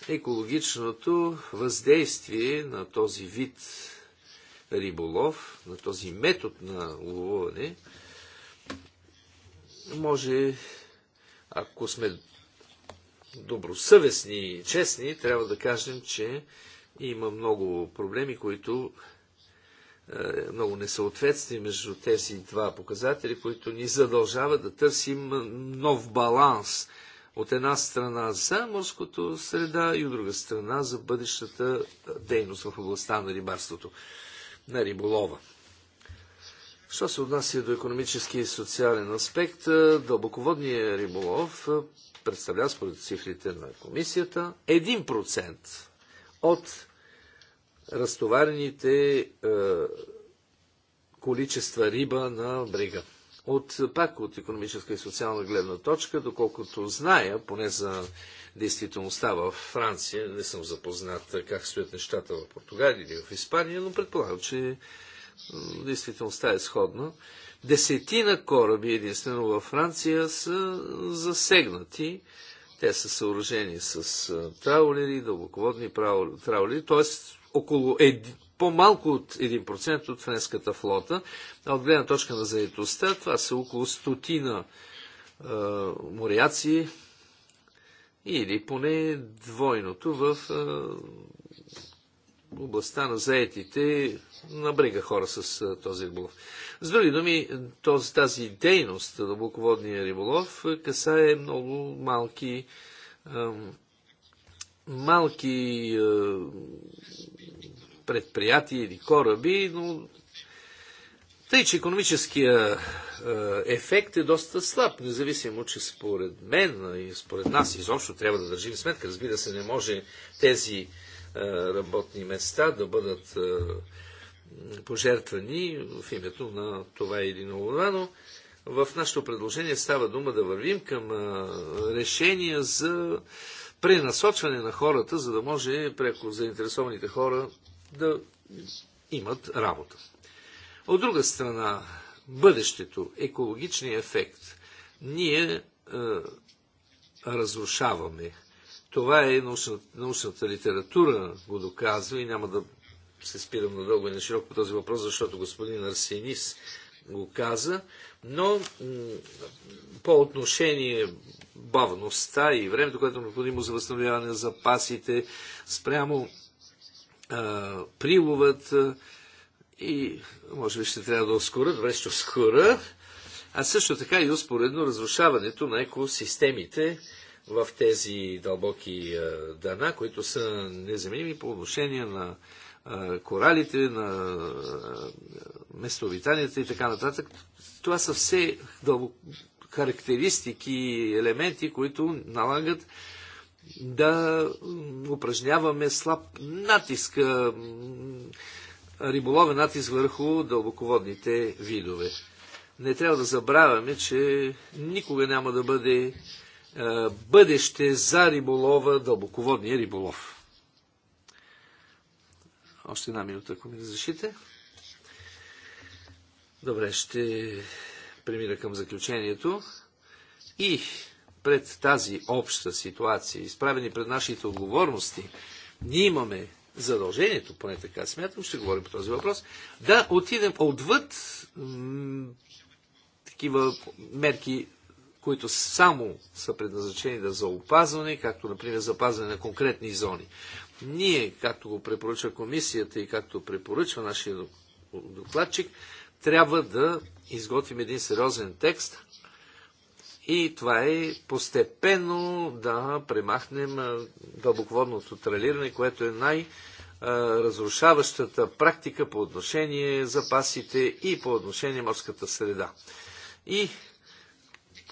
екологичното въздействие на този вид риболов, на този метод на ловуване, може, ако сме добросъвестни и честни, трябва да кажем, че има много проблеми, които е, много несъответствие между тези два показатели, които ни задължават да търсим нов баланс – от една страна за морското среда и от друга страна за бъдещата дейност в областта на рибарството, на риболова. Що се отнася до економически и социален аспект, дълбоководният риболов представлява според цифрите на комисията 1% от разтоварените е, количества риба на брега от, пак от економическа и социална гледна точка, доколкото зная, поне за действителността в Франция, не съм запознат как стоят нещата в Португалия или в Испания, но предполагам, че действителността е сходна. Десетина кораби единствено във Франция са засегнати. Те са съоръжени с траулери, дълбоководни траулери, т.е около еди, по-малко от 1% от френската флота, а от гледна точка на заедостта това са около стотина е, моряци или поне двойното в е, областта на заетите на брега хора с е, този риболов. С други думи, този, тази дейност на буководния риболов касае много малки е, малки е, предприятия или кораби, но тъй, че економическия е, ефект е доста слаб, независимо, че според мен и според нас изобщо трябва да държим сметка. Разбира се, не може тези е, работни места да бъдат пожертвани в името на това или на това, но в нашето предложение става дума да вървим към решения за пренасочване на хората, за да може преко заинтересованите хора да имат работа. От друга страна, бъдещето, екологичния ефект, ние е, разрушаваме. Това е научната, научната литература, го доказва и няма да се спирам надълго и на широко по този въпрос, защото господин Арсенис го каза. Но по отношение бавността и времето, което е необходимо за възстановяване на запасите, спрямо а, приловът а, и може би ще трябва да ускоря, добре ще ускоря, а също така и успоредно разрушаването на екосистемите в тези дълбоки а, дана, които са незаменими по отношение на коралите, на местообитанията и така нататък. Това са все характеристики и елементи, които налагат да упражняваме слаб натиск, риболовен натиск върху дълбоководните видове. Не трябва да забравяме, че никога няма да бъде е, бъдеще за риболова, дълбоководния риболов. Още една минута, ако ми разрешите. Да Добре, ще премира към заключението. И пред тази обща ситуация, изправени пред нашите отговорности, ние имаме задължението, поне така смятам, ще говорим по този въпрос, да отидем отвъд такива мерки, които само са предназначени да за опазване, както, например, запазване на конкретни зони. Ние, както го препоръча комисията и както препоръчва нашия докладчик, трябва да изготвим един сериозен текст и това е постепенно да премахнем дълбоководното тралиране, което е най- разрушаващата практика по отношение запасите и по отношение морската среда. И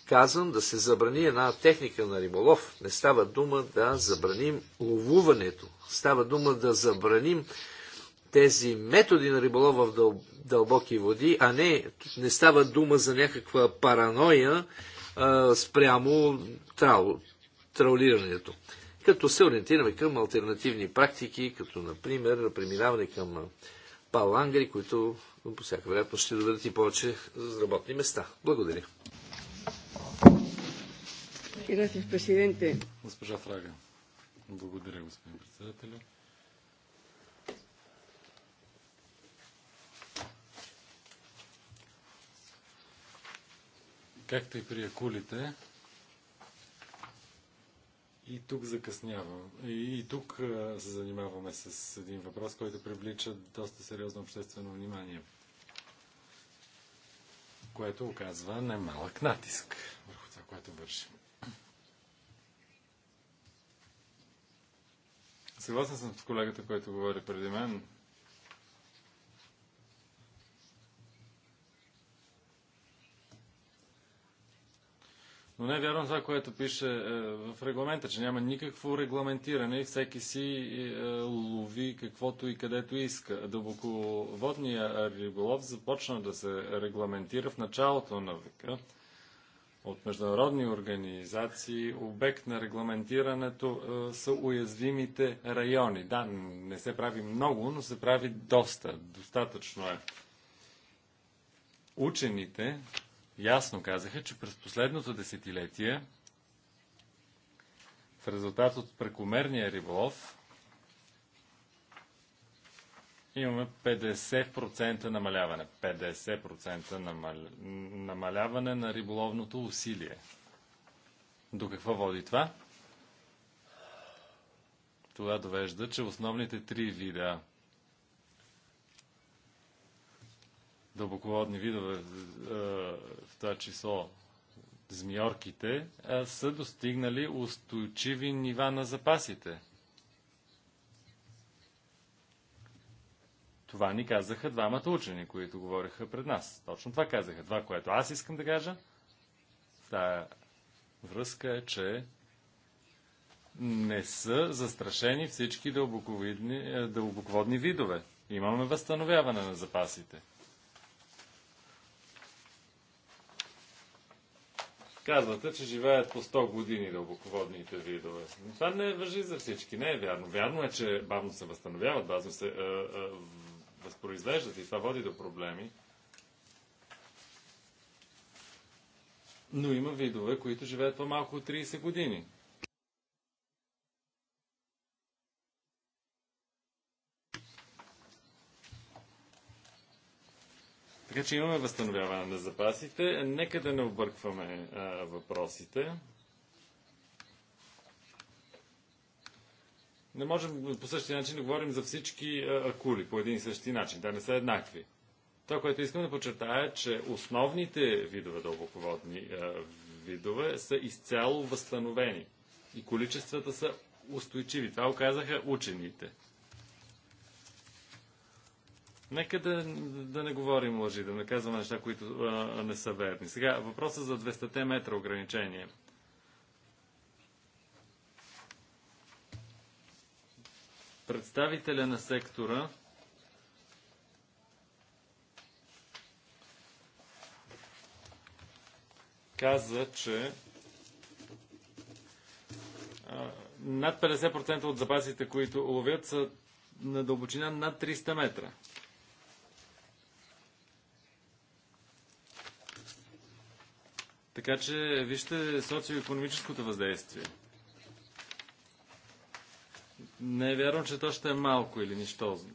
казвам да се забрани една техника на риболов. Не става дума да забраним ловуването. Става дума да забраним тези методи на риболов в дъл, дълбоки води, а не, не става дума за някаква параноя а, спрямо трау, траулирането. Като се ориентираме към альтернативни практики, като например преминаване към палангри, които по всяка вероятност ще дадат и повече работни места. Благодаря. Госпожа Фрага. Благодаря, господин председателю. Както и при акулите. И тук закъснявам. И, и тук а, се занимаваме с един въпрос, който привлича доста сериозно обществено внимание, което оказва немалък натиск върху това, което вършим. Съгласен съм с колегата, който говори преди мен. Но не е вярно това, което пише е, в регламента, че няма никакво регламентиране и всеки си е, лови каквото и където иска. Дълбоководният риболов започна да се регламентира в началото на века от международни организации. Обект на регламентирането е, са уязвимите райони. Да, не се прави много, но се прави доста. Достатъчно е. Учените ясно казаха, че през последното десетилетие в резултат от прекомерния риболов имаме 50% намаляване. 50% намаля... намаляване на риболовното усилие. До какво води това? Това довежда, че основните три вида дълбоководни видове, е, в това число змиорките, е, са достигнали устойчиви нива на запасите. Това ни казаха двамата учени, които говориха пред нас. Точно това казаха. Това, което аз искам да кажа, тая връзка е, че не са застрашени всички е, дълбоководни видове. Имаме възстановяване на запасите. Казвате, че живеят по 100 години дълбоководните видове. Но това не въжи за всички. Не е вярно. Вярно е, че бавно се възстановяват, бавно се а, а, възпроизвеждат и това води до проблеми. Но има видове, които живеят по-малко от 30 години. Така че имаме възстановяване на запасите. Нека да не объркваме а, въпросите. Не можем по същия начин да говорим за всички акули по един и същи начин. Да не са еднакви. Това, което искам да подчертая е, че основните видове дълбоководни а, видове са изцяло възстановени. И количествата са устойчиви. Това оказаха учените. Нека да, да не говорим лъжи, да не казваме неща, които а, не са верни. Сега, въпросът за 200 метра ограничение. Представителя на сектора каза, че а, над 50% от запасите, които ловят, са на дълбочина над 300 метра. Така че вижте социо-економическото въздействие. Не е вярно, че то ще е малко или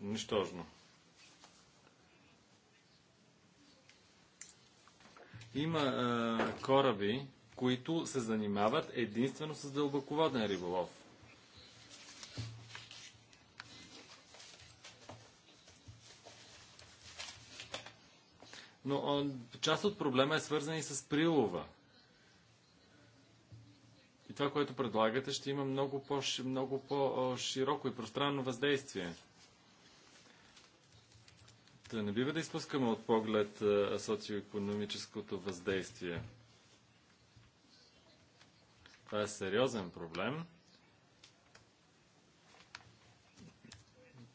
нищожно. Има а, кораби, които се занимават единствено с дълбоководен риболов. Но част от проблема е свързан и с прилова. И това, което предлагате, ще има много, по, много по-широко и пространно въздействие. Та не бива да изпускаме от поглед социоекономическото въздействие. Това е сериозен проблем.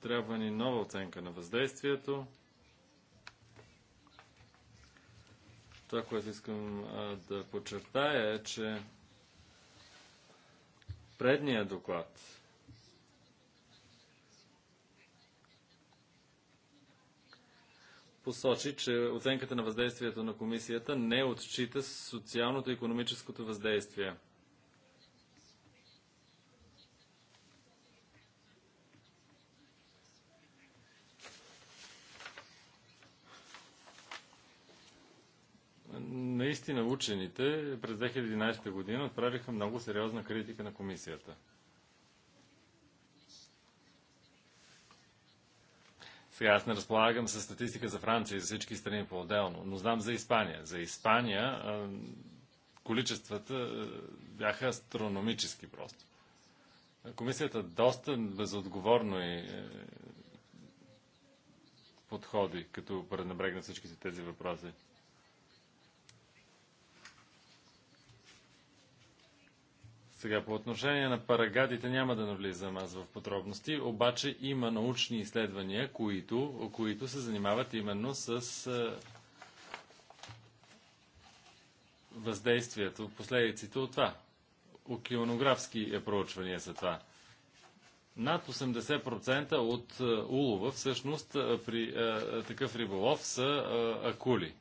Трябва ни нова оценка на въздействието. Това, което искам а, да подчертая е, че предният доклад посочи, че оценката на въздействието на комисията не отчита социалното и економическото въздействие – наистина учените през 2011 година отправиха много сериозна критика на комисията. Сега аз не разполагам с статистика за Франция и за всички страни по-отделно, но знам за Испания. За Испания количествата бяха астрономически просто. Комисията доста безотговорно и е, подходи, като пренебрегна всичките тези въпроси. Сега по отношение на парагадите няма да навлизам аз в подробности, обаче има научни изследвания, които, които се занимават именно с въздействието, последиците от това. Океанографски проучвания за това. Над 80% от улова всъщност при а, такъв риболов са а, акули.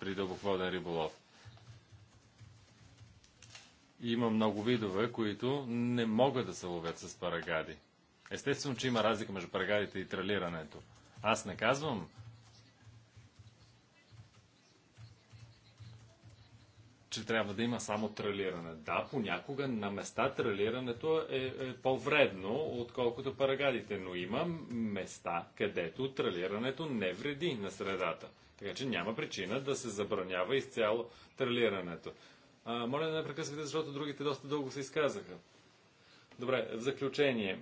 При дълбоководен риболов. Има много видове, които не могат да се ловят с парагади. Естествено, че има разлика между парагадите и тралирането. Аз не казвам, че трябва да има само тралиране. Да, понякога на места тралирането е, е по-вредно, отколкото парагадите, но има места, където тралирането не вреди на средата. Така че няма причина да се забранява изцяло тралирането. А, моля да не прекъсвате, защото другите доста дълго се изказаха. Добре, в заключение.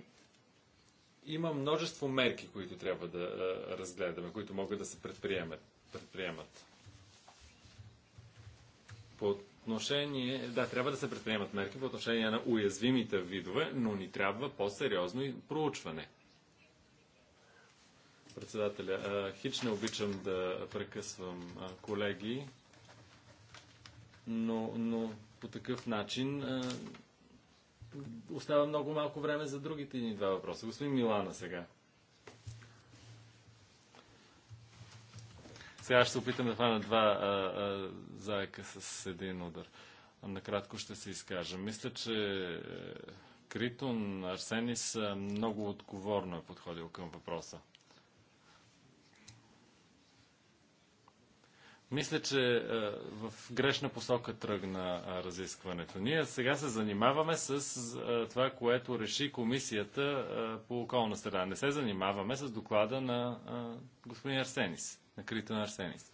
Има множество мерки, които трябва да а, разгледаме, които могат да се предприемат. предприемат. По отношение, да, трябва да се предприемат мерки по отношение на уязвимите видове, но ни трябва по-сериозно проучване председателя. Хич не обичам да прекъсвам колеги но, но по такъв начин а, остава много малко време за другите ни два въпроса. Господин Милана сега. Сега ще се опитам да хвана два а, а, заека с един удар. Накратко ще се изкажа. Мисля, че е, Критон Арсенис много отговорно е подходил към въпроса. Мисля, че е, в грешна посока тръгна е, разискването. Ние сега се занимаваме с е, това, което реши комисията по околна среда. Не се занимаваме с доклада на господин Арсенис, на Крито на Арсенис.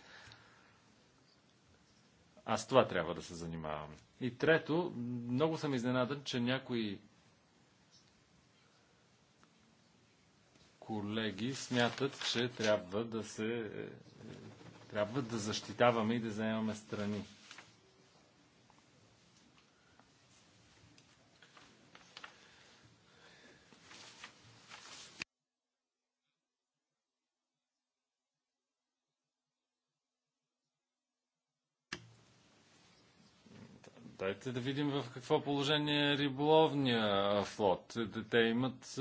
Аз това трябва да се занимавам. И трето, много съм изненадан, че някои колеги смятат, че трябва да се трябва да защитаваме и да заемаме страни. Дайте да видим в какво положение е риболовния флот. Те имат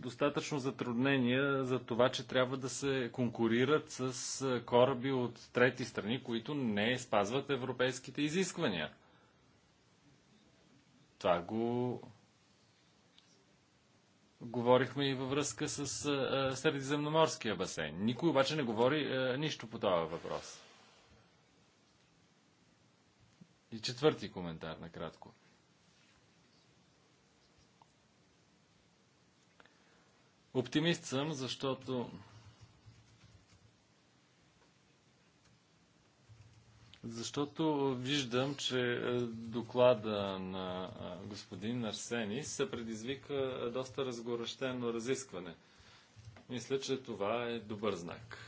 достатъчно затруднения за това, че трябва да се конкурират с кораби от трети страни, които не спазват европейските изисквания. Това го говорихме и във връзка с Средиземноморския басейн. Никой обаче не говори нищо по този въпрос. И четвърти коментар, накратко. Оптимист съм, защото Защото виждам, че е, доклада на е, господин Арсени се предизвика е, доста разгорещено разискване. Мисля, че това е добър знак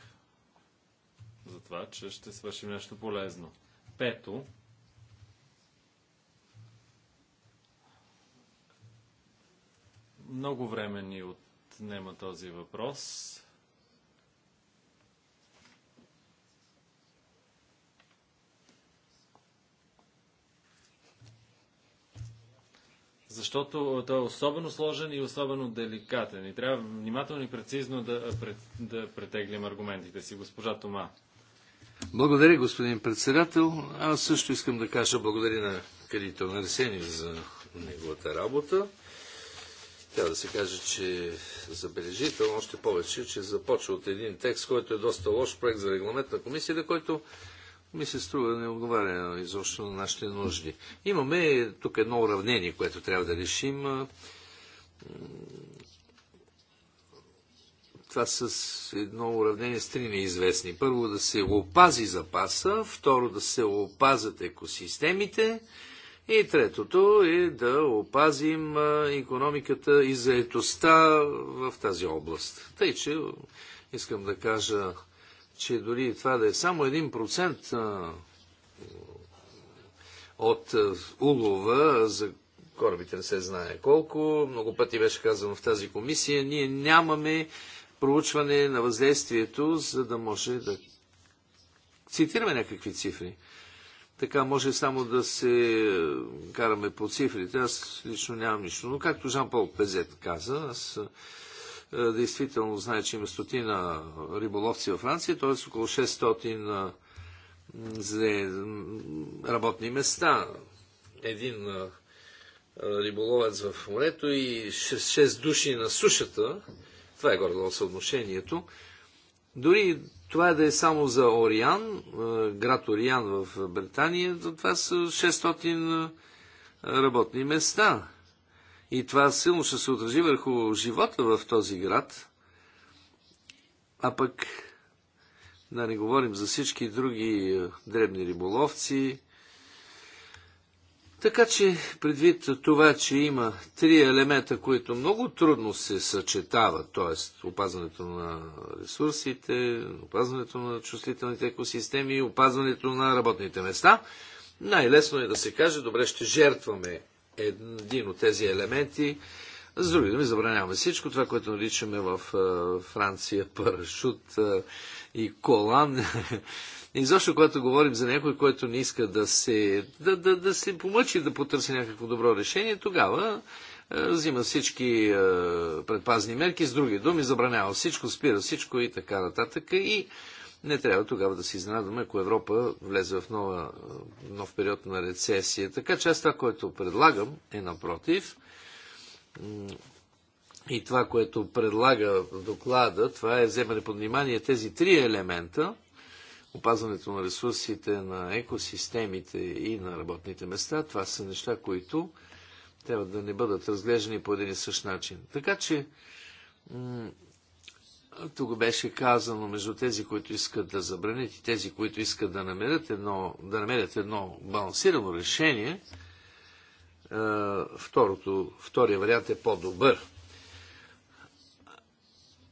за това, че ще свършим нещо полезно. Пето, Много време ни отнема този въпрос. защото той е особено сложен и особено деликатен. И трябва внимателно и прецизно да, да претеглим аргументите си. Госпожа Тома. Благодаря, господин председател. Аз също искам да кажа благодаря на Кредител Ресени Арсений за неговата работа трябва да се каже, че е забележително, още повече, че започва от един текст, който е доста лош проект за регламент на комисията, който ми се струва не отговаря изобщо на нашите нужди. Имаме тук едно уравнение, което трябва да решим. Това с едно уравнение с три неизвестни. Първо да се опази запаса, второ да се опазят екосистемите, и третото е да опазим економиката и заетостта в тази област. Тъй, че искам да кажа, че дори това да е само 1% от улова, за корабите не се знае колко, много пъти беше казано в тази комисия, ние нямаме проучване на въздействието, за да може да цитираме някакви цифри така може само да се е, караме по цифрите. Аз лично нямам нищо. Но както Жан-Пол Пезет каза, аз е, е, действително знае, че има стотина риболовци във Франция, т.е. около 600 работни места. Един риболовец в морето и 6, 6 души на сушата. Това е горе-долу съотношението. Дори това да е само за Ориан, е, град Ориан в Британия, това са 600 е, работни места. И това силно ще се отрази върху живота в този град. А пък да не говорим за всички други е, дребни риболовци, така че, предвид това, че има три елемента, които много трудно се съчетават, т.е. опазването на ресурсите, опазването на чувствителните екосистеми и опазването на работните места, най-лесно е да се каже, добре, ще жертваме един от тези елементи. С други думи, забраняваме всичко това, което наричаме в Франция парашут и колан и защо, когато говорим за някой, който не иска да се, да, да, да се помъчи да потърси някакво добро решение, тогава е, взима всички е, предпазни мерки, с други думи, забранява всичко, спира всичко и така нататък. И не трябва тогава да се изненадаме, ако Европа влезе в нова, е, нов период на рецесия. Така че аз това, което предлагам, е напротив. И това, което предлага доклада, това е вземане под внимание тези три елемента, опазването на ресурсите, на екосистемите и на работните места, това са неща, които трябва да не бъдат разглеждани по един и същ начин. Така че, тук беше казано между тези, които искат да забранят и тези, които искат да намерят едно, да намерят едно балансирано решение, е, второто, втория вариант е по-добър.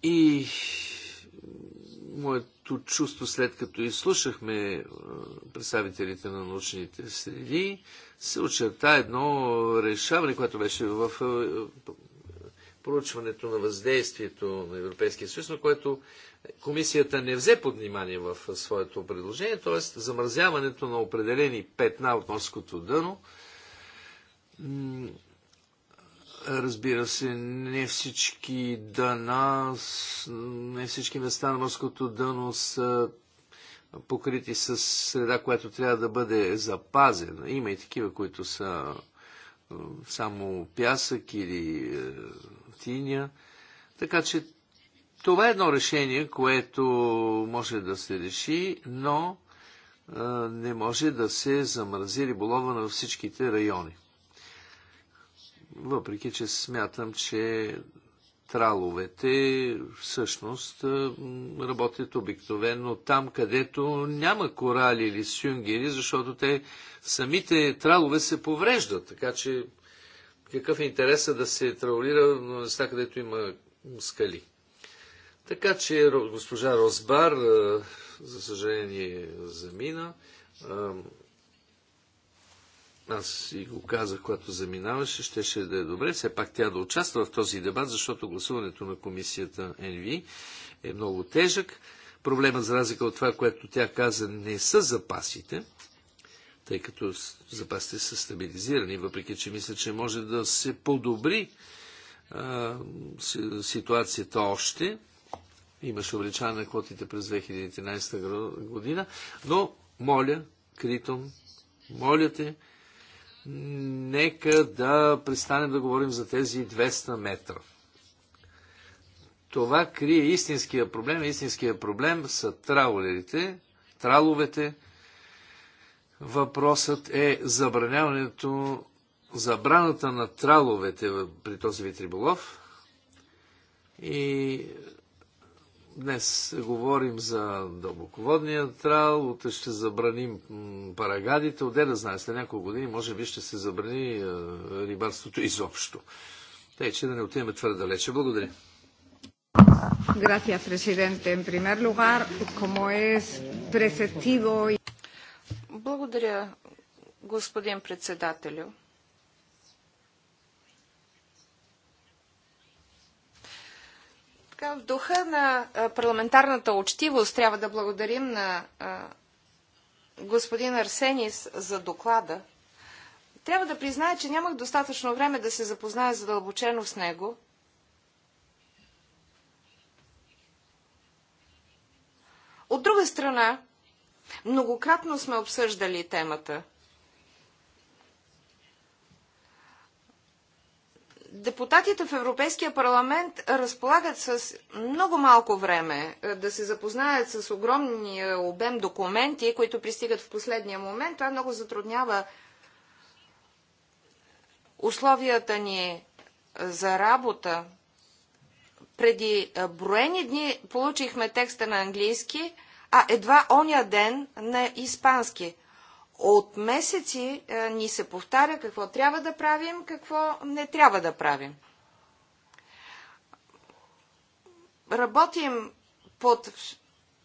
И моето чувство след като изслушахме е, представителите на научните среди, се очерта едно решаване, което беше в е, проучването на въздействието на Европейския съюз, на което комисията не взе под внимание в своето предложение, т.е. замързяването на определени петна от морското дъно Разбира се, не всички дъна, не всички места на морското дъно са покрити с среда, която трябва да бъде запазена. Има и такива, които са е, само пясък или е, тиня. Така че това е едно решение, което може да се реши, но е, не може да се замрази риболова на всичките райони. Въпреки, че смятам, че траловете всъщност работят обикновено там, където няма корали или сюнгери, защото те самите тралове се повреждат. Така че какъв е интересът да се траулира на места, където има скали. Така че госпожа Розбар, за съжаление, замина аз и го казах, когато заминаваше, щеше да е добре все пак тя да участва в този дебат, защото гласуването на комисията НВ е много тежък. Проблемът, за разлика от това, което тя каза, не са запасите, тъй като запасите са стабилизирани, въпреки че мисля, че може да се подобри а, ситуацията още. Имаше увеличаване на квотите през 2013 година, но моля, Критон, моля те, нека да престанем да говорим за тези 200 метра. Това крие истинския проблем. Истинския проблем са траулерите, траловете. Въпросът е забраняването, забраната на траловете при този вид риболов. И Днес говорим за дълбоководния трал, утре ще забраним парагадите. Отде да знае, след няколко години може би ще се забрани е, рибарството изобщо. Тъй, че да не отиваме твърде далече. Благодаря. Gracias, presidente. En primer lugar, como es preceptivo... Благодаря, господин председателю. Така, в духа на парламентарната учтивост трябва да благодарим на господин Арсенис за доклада. Трябва да призная, че нямах достатъчно време да се запозная задълбочено с него. От друга страна, многократно сме обсъждали темата. депутатите в Европейския парламент разполагат с много малко време е, да се запознаят с огромния обем документи, които пристигат в последния момент. Това много затруднява условията ни за работа. Преди е, броени дни получихме текста на английски, а едва оня ден на испански. От месеци е, ни се повтаря какво трябва да правим, какво не трябва да правим. Работим под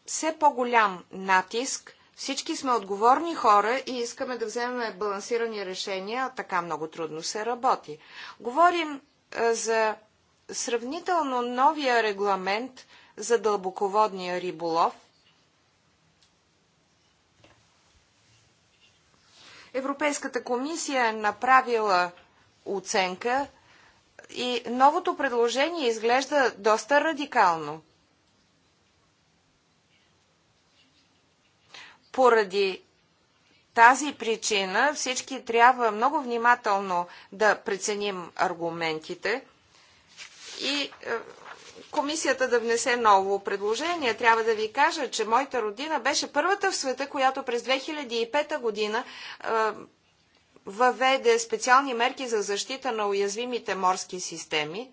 все по-голям натиск. Всички сме отговорни хора и искаме да вземем балансирани решения, а така много трудно се работи. Говорим е, за сравнително новия регламент за дълбоководния риболов – Европейската комисия е направила оценка и новото предложение изглежда доста радикално. Поради тази причина всички трябва много внимателно да преценим аргументите и е, комисията да внесе ново предложение. Трябва да ви кажа, че моята родина беше първата в света, която през 2005 година въведе специални мерки за защита на уязвимите морски системи.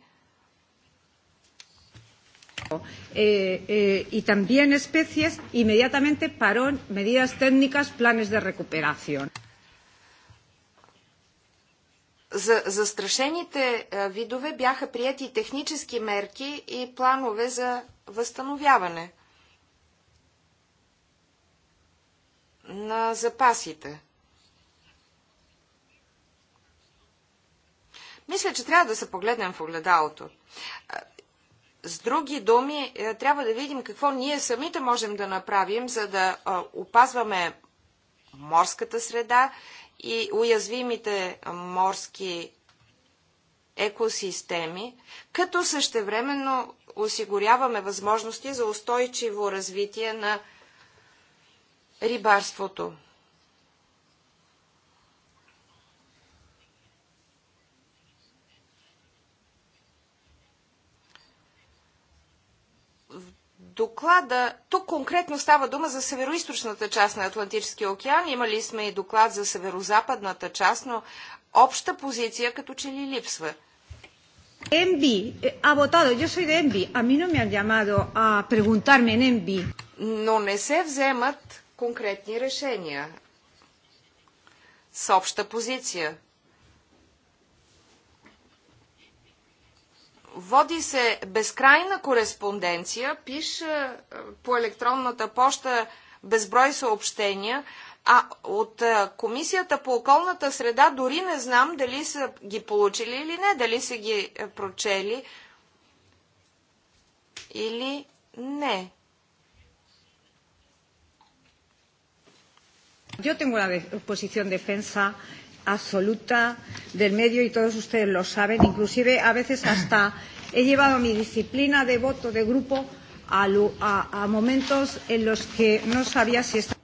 Eh, е, eh, е, y también especies, inmediatamente parón, medidas técnicas, planes de recuperación. За застрашените е, видове бяха прияти технически мерки и планове за възстановяване на запасите. Мисля, че трябва да се погледнем в огледалото. Е, с други думи, е, трябва да видим какво ние самите можем да направим, за да опазваме морската среда и уязвимите морски екосистеми, като същевременно осигуряваме възможности за устойчиво развитие на рибарството. доклада, тук конкретно става дума за североизточната част на Атлантическия океан. Имали сме и доклад за северо-западната част, но обща позиция като че ли липсва. Envi ha votado, yo soy de Envi, a mí no me han llamado a preguntarme en Envi. Но не се вземат конкретни решения с обща позиция. Води се безкрайна кореспонденция, пише е, по електронната поща безброй съобщения, а от е, Комисията по околната среда дори не знам дали са ги получили или не, дали са ги е, прочели или не. Yo tengo una posición defensa absoluta del medio y todos ustedes lo saben. Inclusive a veces hasta he llevado mi disciplina de voto de grupo a, a, a momentos en los que no sabía si estaba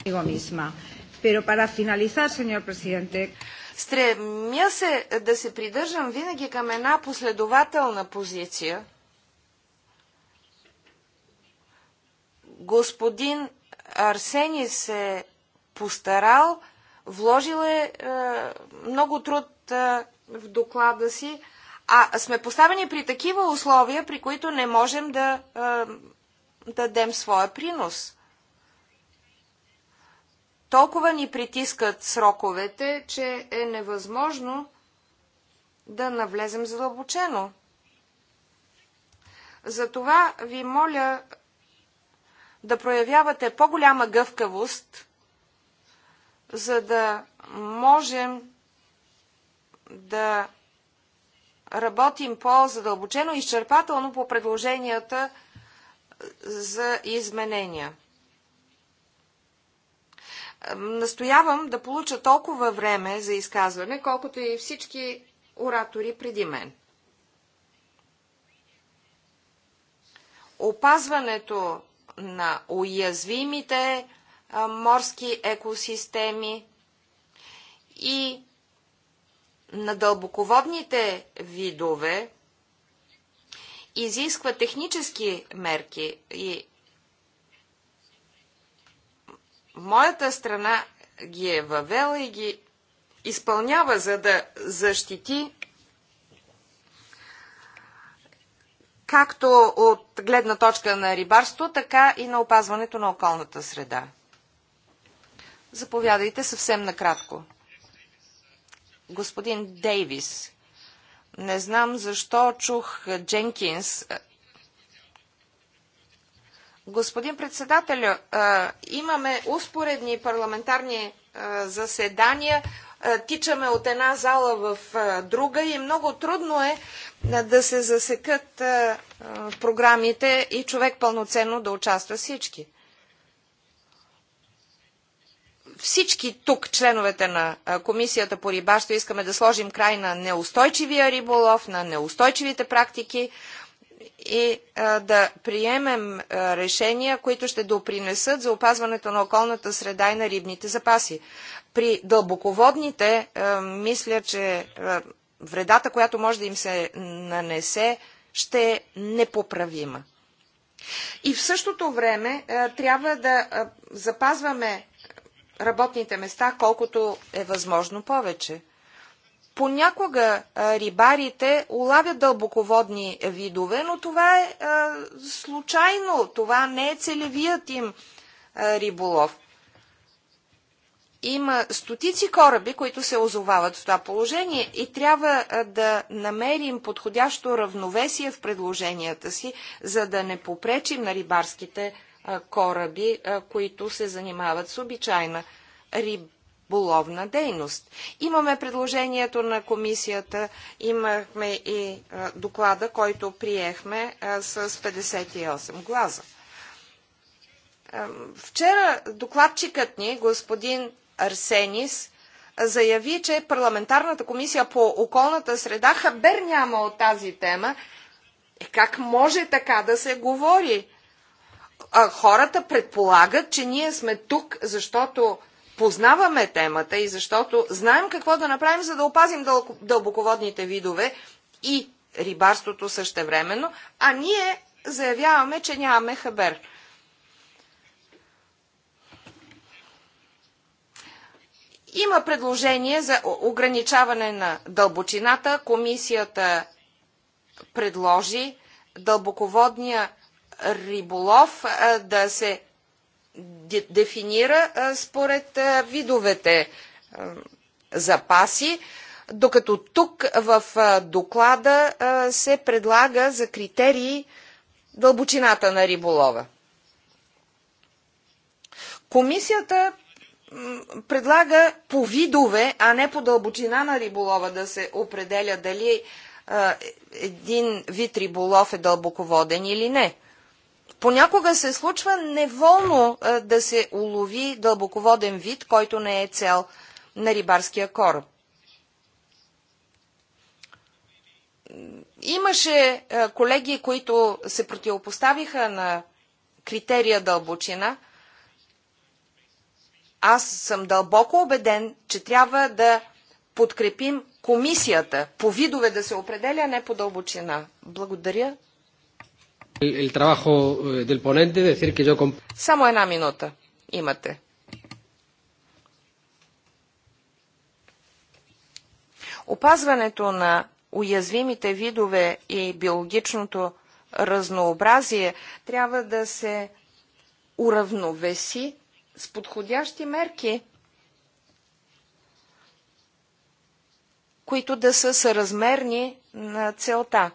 conmigo misma. Pero para finalizar, señor presidente. Стремя се да се придържам винаги към една последователна позиция. Господин Арсений се постарал Вложил е, е много труд е, в доклада си, а сме поставени при такива условия, при които не можем да е, дадем своя принос. Толкова ни притискат сроковете, че е невъзможно да навлезем задълбочено. Затова ви моля да проявявате по-голяма гъвкавост за да можем да работим по-задълбочено и изчерпателно по предложенията за изменения. Настоявам да получа толкова време за изказване, колкото и всички оратори преди мен. Опазването на уязвимите морски екосистеми и на дълбоководните видове изисква технически мерки и моята страна ги е въвела и ги изпълнява, за да защити както от гледна точка на рибарство, така и на опазването на околната среда. Заповядайте съвсем накратко. Господин Дейвис, не знам защо чух Дженкинс. Господин председател, имаме успоредни парламентарни заседания, тичаме от една зала в друга и много трудно е да се засекат програмите и човек пълноценно да участва всички всички тук, членовете на Комисията по рибарство, искаме да сложим край на неустойчивия риболов, на неустойчивите практики и да приемем решения, които ще допринесат за опазването на околната среда и на рибните запаси. При дълбоководните, мисля, че вредата, която може да им се нанесе, ще е непоправима. И в същото време трябва да запазваме работните места колкото е възможно повече. Понякога рибарите улавят дълбоководни видове, но това е случайно, това не е целевият им риболов. Има стотици кораби, които се озовават в това положение и трябва да намерим подходящо равновесие в предложенията си, за да не попречим на рибарските кораби, които се занимават с обичайна риболовна дейност. Имаме предложението на комисията, имахме и доклада, който приехме с 58 гласа. Вчера докладчикът ни, господин Арсенис, заяви, че парламентарната комисия по околната среда хабер няма от тази тема. Е, как може така да се говори а, хората предполагат, че ние сме тук, защото познаваме темата и защото знаем какво да направим, за да опазим дъл... дълбоководните видове и рибарството същевременно, а ние заявяваме, че нямаме хабер. Има предложение за ограничаване на дълбочината. Комисията предложи дълбоководния риболов да се дефинира според видовете запаси, докато тук в доклада се предлага за критерии дълбочината на риболова. Комисията предлага по видове, а не по дълбочина на риболова да се определя дали е, един вид риболов е дълбоководен или не. Понякога се случва неволно е, да се улови дълбоководен вид, който не е цел на рибарския кораб. Имаше е, колеги, които се противопоставиха на критерия дълбочина. Аз съм дълбоко убеден, че трябва да подкрепим комисията по видове да се определя, не по дълбочина. Благодаря. Само една минута имате. Опазването на уязвимите видове и биологичното разнообразие трябва да се уравновеси с подходящи мерки, които да са съразмерни на целта.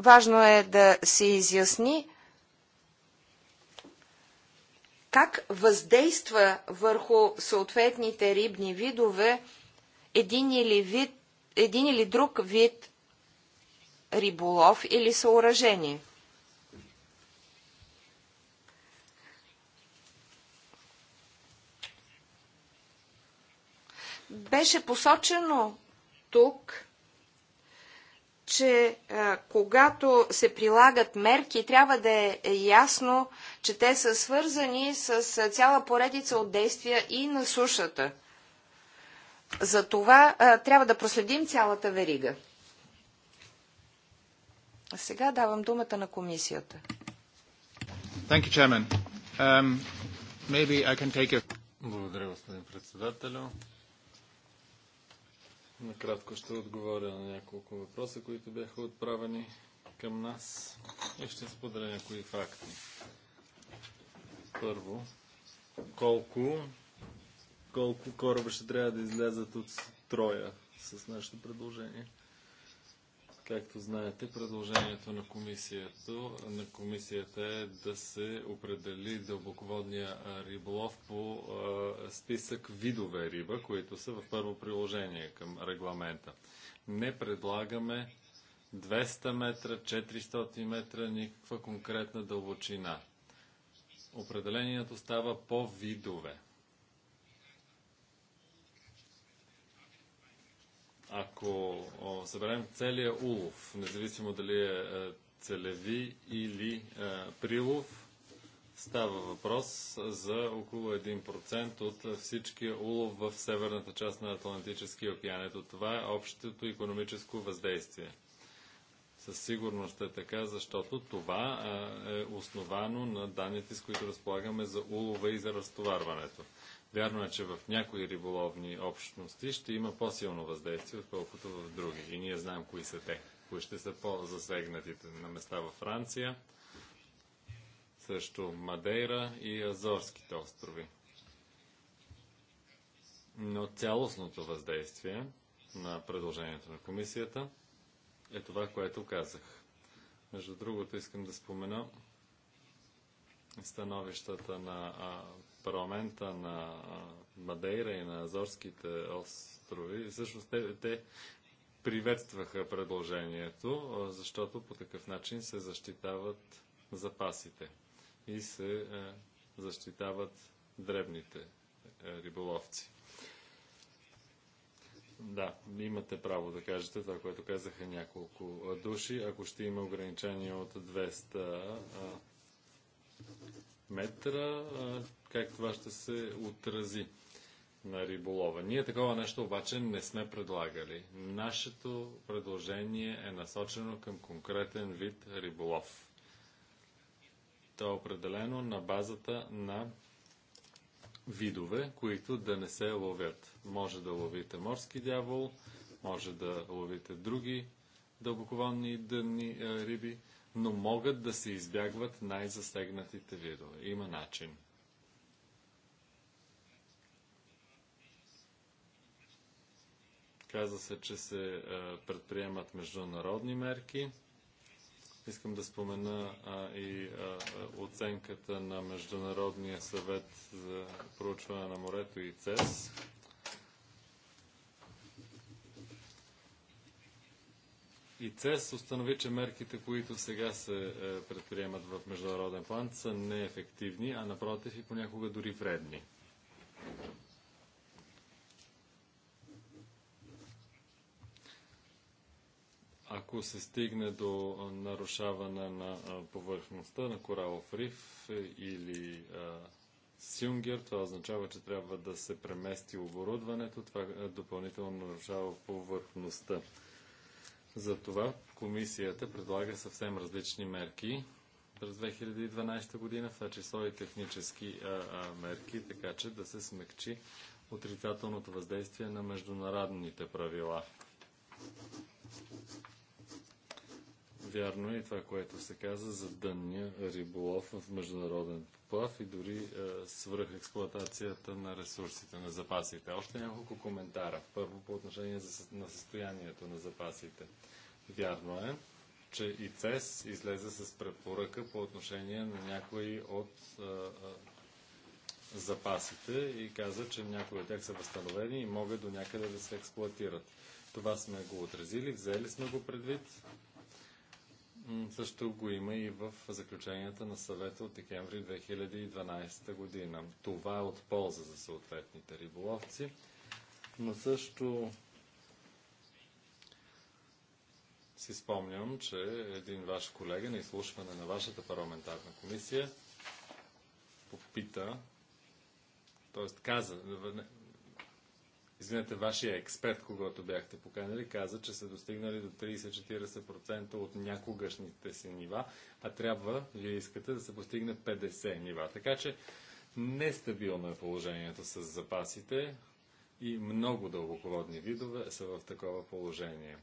Важно е да се изясни как въздейства върху съответните рибни видове един или, вид, един или друг вид риболов или съоръжение. Беше посочено тук, че е, когато се прилагат мерки, трябва да е, е ясно, че те са свързани с е, цяла поредица от действия и на сушата. За това трябва да проследим цялата верига. Сега давам думата на комисията. You, um, a... Благодаря, господин председателю. Накратко ще отговоря на няколко въпроса, които бяха отправени към нас и ще споделя някои факти. Първо, колко, колко кораба ще трябва да излязат от строя с нашето предложение? Както знаете, предложението на комисията, на комисията е да се определи дълбоководния риболов по списък видове риба, които са в първо приложение към регламента. Не предлагаме 200 метра, 400 метра, никаква конкретна дълбочина. Определението става по видове. Ако съберем целият улов, независимо дали е, е целеви или е, прилов, Става въпрос за около 1% от всичкия улов в северната част на Атлантическия океан. Ето това е общото економическо въздействие. Със сигурност е така, защото това е, е основано на данните, с които разполагаме за улова и за разтоварването. Вярно е, че в някои риболовни общности ще има по-силно въздействие, отколкото в други. И ние знаем кои са те, кои ще са по-засегнатите на места във Франция, също Мадейра и Азорските острови. Но цялостното въздействие на предложението на комисията е това, което казах. Между другото, искам да спомена становищата на парламента на Мадейра и на Азорските острови, всъщност те, те приветстваха предложението, защото по такъв начин се защитават запасите и се защитават дребните риболовци. Да, имате право да кажете това, което казаха няколко души. Ако ще има ограничение от 200 метра, как това ще се отрази на риболова. Ние такова нещо обаче не сме предлагали. Нашето предложение е насочено към конкретен вид риболов. То е определено на базата на видове, които да не се ловят. Може да ловите морски дявол, може да ловите други дълбоководни дънни риби но могат да се избягват най-засегнатите видове. Има начин. Каза се, че се предприемат международни мерки. Искам да спомена а, и а, оценката на Международния съвет за проучване на морето и ЦЕС. И ЦЕС установи, че мерките, които сега се е, предприемат в международен план, са неефективни, а напротив и понякога дори вредни. ако се стигне до нарушаване на повърхността на коралов риф е, или сюнгер, това означава, че трябва да се премести оборудването, това е, допълнително нарушава повърхността. Затова комисията предлага съвсем различни мерки през 2012 година, в това число и технически а, а, мерки, така че да се смекчи отрицателното въздействие на международните правила Вярно е това, което се каза за дънния риболов в международен плав и дори е, експлуатацията на ресурсите, на запасите. Още няколко коментара. Първо по отношение за, на състоянието на запасите. Вярно е, че и ЦЕС излезе с препоръка по отношение на някои от е, е, запасите и каза, че някои от тях са възстановени и могат до някъде да се експлуатират. Това сме го отразили, взели сме го предвид също го има и в заключенията на съвета от декември 2012 година. Това е от полза за съответните риболовци, но също си спомням, че един ваш колега на изслушване на вашата парламентарна комисия попита, т.е. каза, извинете, вашия експерт, когато бяхте поканали, каза, че са достигнали до 30-40% от някогашните си нива, а трябва, вие искате, да се постигне 50 нива. Така че нестабилно е положението с запасите и много дълбоководни видове са в такова положение.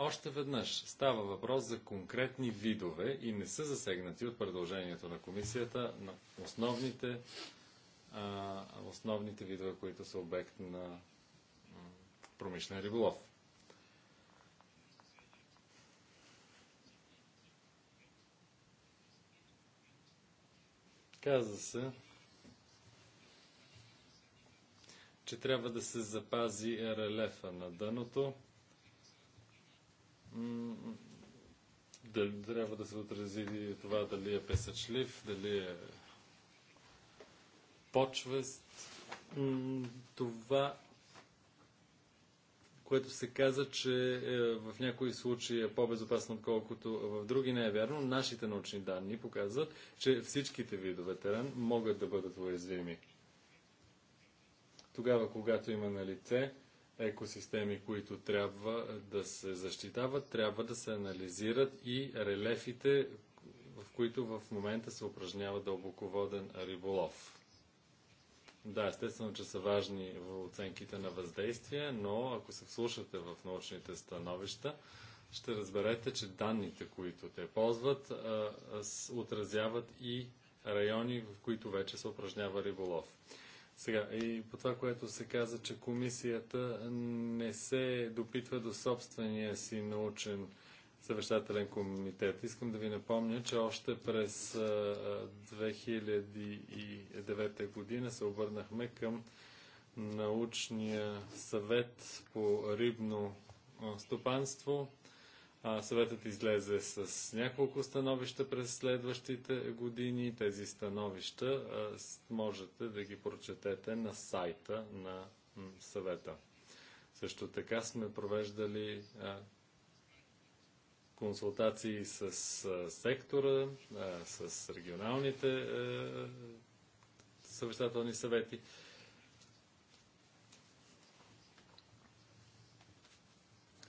Още веднъж става въпрос за конкретни видове и не са засегнати от предложението на комисията на основните а, основните видове, които са обект на промишлен риболов. Казва се, че трябва да се запази релефа на дъното. Дали, трябва да се отрази това дали е песъчлив, дали е с това, което се каза, че е, в някои случаи е по-безопасно, отколкото в други, не е вярно. Нашите научни данни показват, че всичките видове терен могат да бъдат уязвими. Тогава, когато има на лице екосистеми, които трябва да се защитават, трябва да се анализират и релефите, в които в момента се упражнява дълбоководен риболов. Да, естествено, че са важни в оценките на въздействие, но ако се вслушате в научните становища, ще разберете, че данните, които те ползват, отразяват и райони, в които вече се упражнява риболов. Сега, и по това, което се каза, че комисията не се допитва до собствения си научен съвещателен комитет. Искам да ви напомня, че още през 2009 година се обърнахме към научния съвет по рибно стопанство. Съветът излезе с няколко становища през следващите години. Тези становища можете да ги прочетете на сайта на съвета. Също така сме провеждали консултации с сектора, с регионалните съвещателни съвети.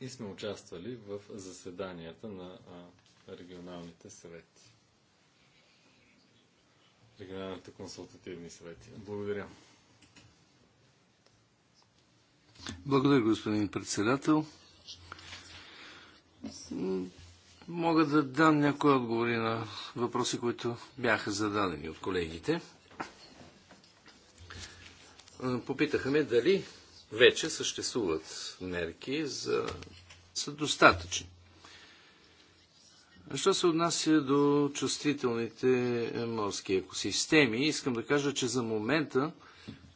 И сме участвали в заседанията на регионалните съвети. Регионалните консултативни съвети. Благодаря. Благодаря, господин председател. Мога да дам някои отговори на въпроси, които бяха зададени от колегите. Попитаха ме дали вече съществуват мерки за... са достатъчни. Що се отнася до чувствителните морски екосистеми, искам да кажа, че за момента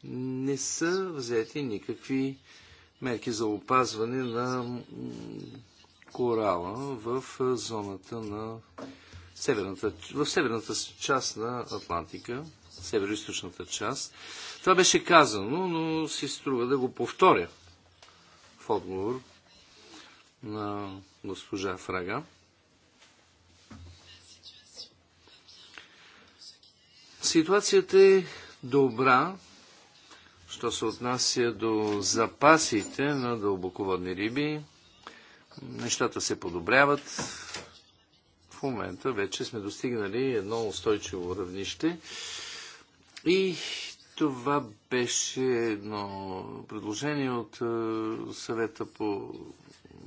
не са взети никакви мерки за опазване на корала в зоната на северната, в северната част на Атлантика, северо част. Това беше казано, но си струва да го повторя в отговор на госпожа Фрага. Ситуацията е добра, що се отнася до запасите на дълбоководни риби. Нещата се подобряват. В момента вече сме достигнали едно устойчиво равнище. И това беше едно предложение от е, съвета по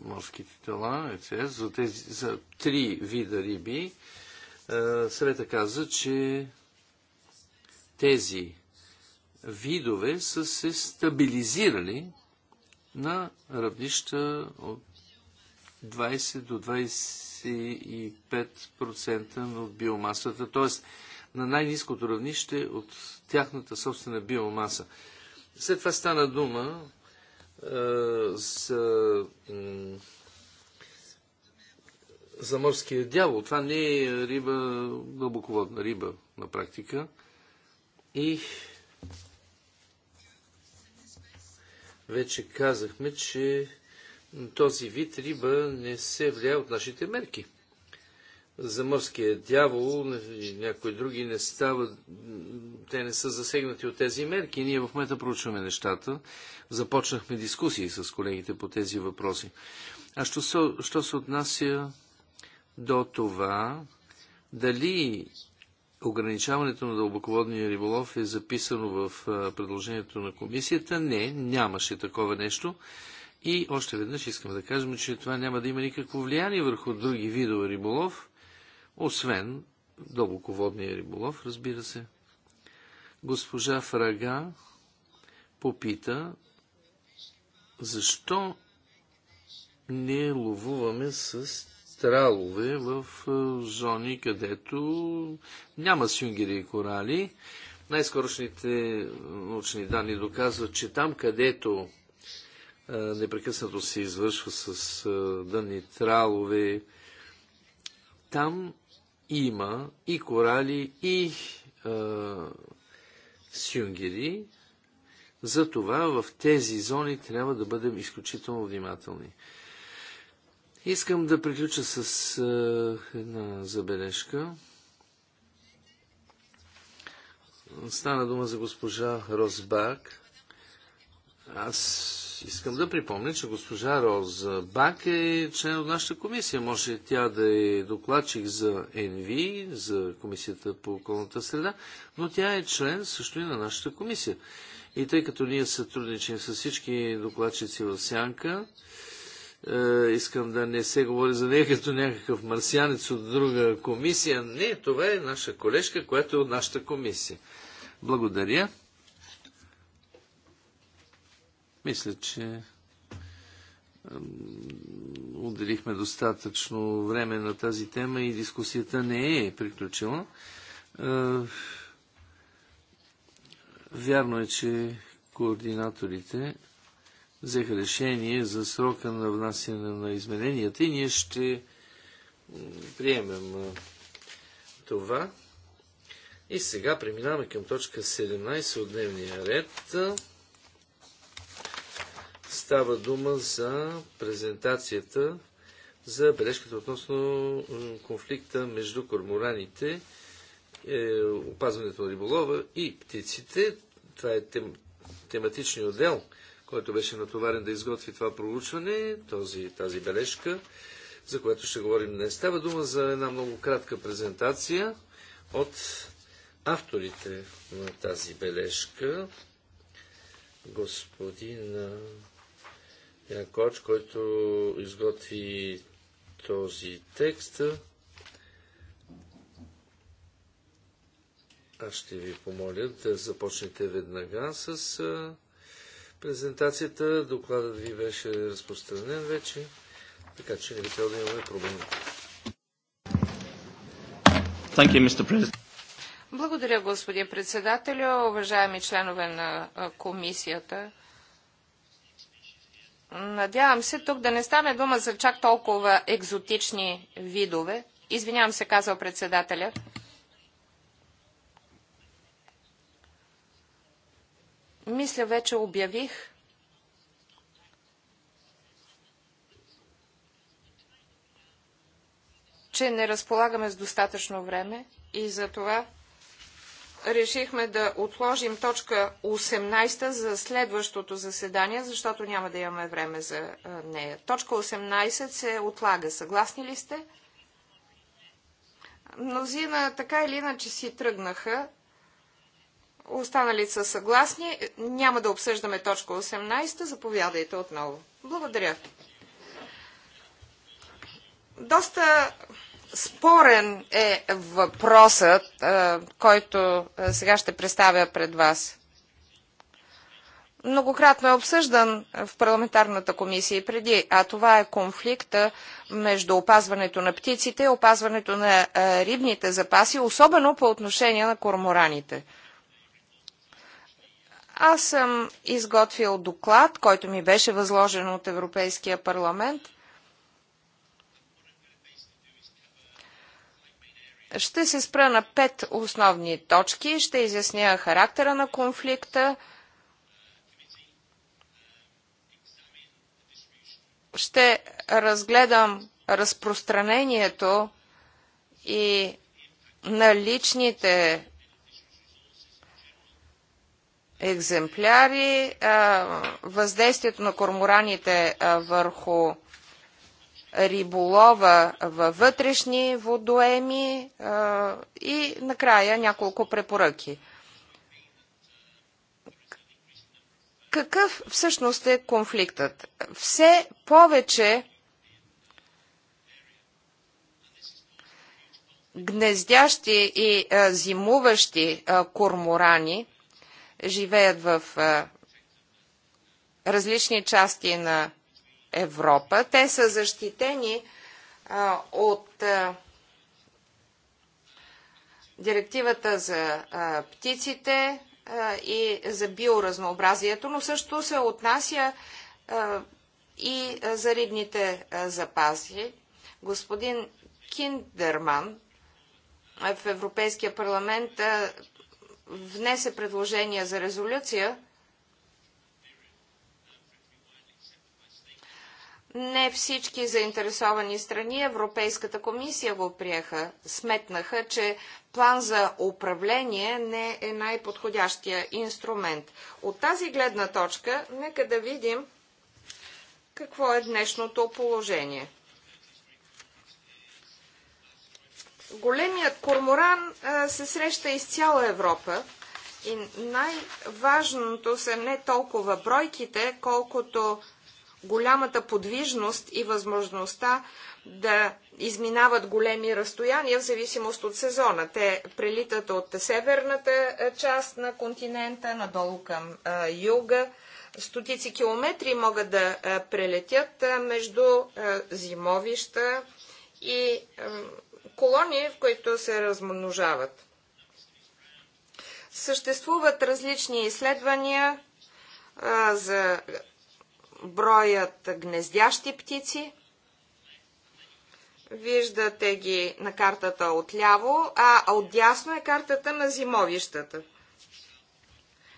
морските тела, ЕЦС, за, тези, за три вида риби. Е, съвета каза, че тези видове са се стабилизирали на равнища от 20 до 25% от биомасата, т.е. на най-низкото равнище от тяхната собствена биомаса. След това стана дума е, за, за морския дявол. Това не е риба, дълбоководна риба на практика. И вече казахме, че този вид риба не се влияе от нашите мерки. За морския дявол и някои други не стават, те не са засегнати от тези мерки. Ние в момента проучваме нещата. Започнахме дискусии с колегите по тези въпроси. А що се, що се отнася до това, дали ограничаването на дълбоководния риболов е записано в предложението на комисията? Не, нямаше такова нещо. И още веднъж искам да кажем, че това няма да има никакво влияние върху други видове риболов, освен дълбоководния риболов, разбира се. Госпожа Фрага попита защо не ловуваме с тралове в е, зони, където няма сюнгери и корали. Най-скорошните научни данни доказват, че там, където е, непрекъснато се извършва с е, дънни тралове. Там има и корали, и а, е, сюнгери. Затова в тези зони трябва да бъдем изключително внимателни. Искам да приключа с а, една забележка. Стана дума за госпожа Росбак. Аз Искам да припомня, че госпожа Роз Бак е член от нашата комисия. Може тя да е докладчик за НВ, за Комисията по околната среда, но тя е член също и на нашата комисия. И тъй като ние сътрудничим с всички докладчици в Сянка, е, искам да не се говори за нея като някакъв марсианец от друга комисия. Не, това е наша колежка, която е от нашата комисия. Благодаря. Мисля, че отделихме достатъчно време на тази тема и дискусията не е приключила. Вярно е, че координаторите взеха решение за срока на внасяне на измененията и ние ще приемем това. И сега преминаваме към точка 17 от дневния ред става дума за презентацията за бележката относно конфликта между кормораните, е, опазването на риболова и птиците. Това е тем, тематичният отдел, който беше натоварен да изготви това проучване, този, тази бележка, за която ще говорим днес. Става дума за една много кратка презентация от авторите на тази бележка, господин Янкоч, който изготви този текст. Аз ще ви помоля да започнете веднага с презентацията. Докладът ви беше разпространен вече, така че не би трябва да имаме проблем. You, Благодаря, господин председателю, уважаеми членове на комисията. Надявам се тук да не стане дума за чак толкова екзотични видове. Извинявам се, казал председателя. Мисля, вече обявих, че не разполагаме с достатъчно време и за това решихме да отложим точка 18 за следващото заседание, защото няма да имаме време за нея. Точка 18 се отлага. Съгласни ли сте? Мнозина така или иначе си тръгнаха. Останалите са съгласни. Няма да обсъждаме точка 18. Заповядайте отново. Благодаря. Доста Спорен е въпросът, е, който е, сега ще представя пред вас. Многократно е обсъждан в парламентарната комисия и преди, а това е конфликта между опазването на птиците и опазването на е, рибните запаси, особено по отношение на кормораните. Аз съм изготвил доклад, който ми беше възложен от Европейския парламент – Ще се спра на пет основни точки, ще изясня характера на конфликта, ще разгледам разпространението и наличните екземпляри, въздействието на кормораните върху риболова във вътрешни водоеми и накрая няколко препоръки. Какъв всъщност е конфликтът? Все повече гнездящи и зимуващи корморани живеят в различни части на Европа. Те са защитени а, от а, директивата за а, птиците а, и за биоразнообразието, но също се отнася а, и за рибните а, запаси. Господин Киндерман в Европейския парламент а, внесе предложение за резолюция, Не всички заинтересовани страни, Европейската комисия го приеха. Сметнаха, че план за управление не е най-подходящия инструмент. От тази гледна точка, нека да видим какво е днешното положение. Големият корморан а, се среща из цяла Европа и най-важното са не толкова бройките, колкото голямата подвижност и възможността да изминават големи разстояния в зависимост от сезона. Те прелитат от северната част на континента надолу към юга. Стотици километри могат да прелетят между зимовища и колонии, в които се размножават. Съществуват различни изследвания за броят гнездящи птици. Виждате ги на картата отляво, а отдясно е картата на зимовищата.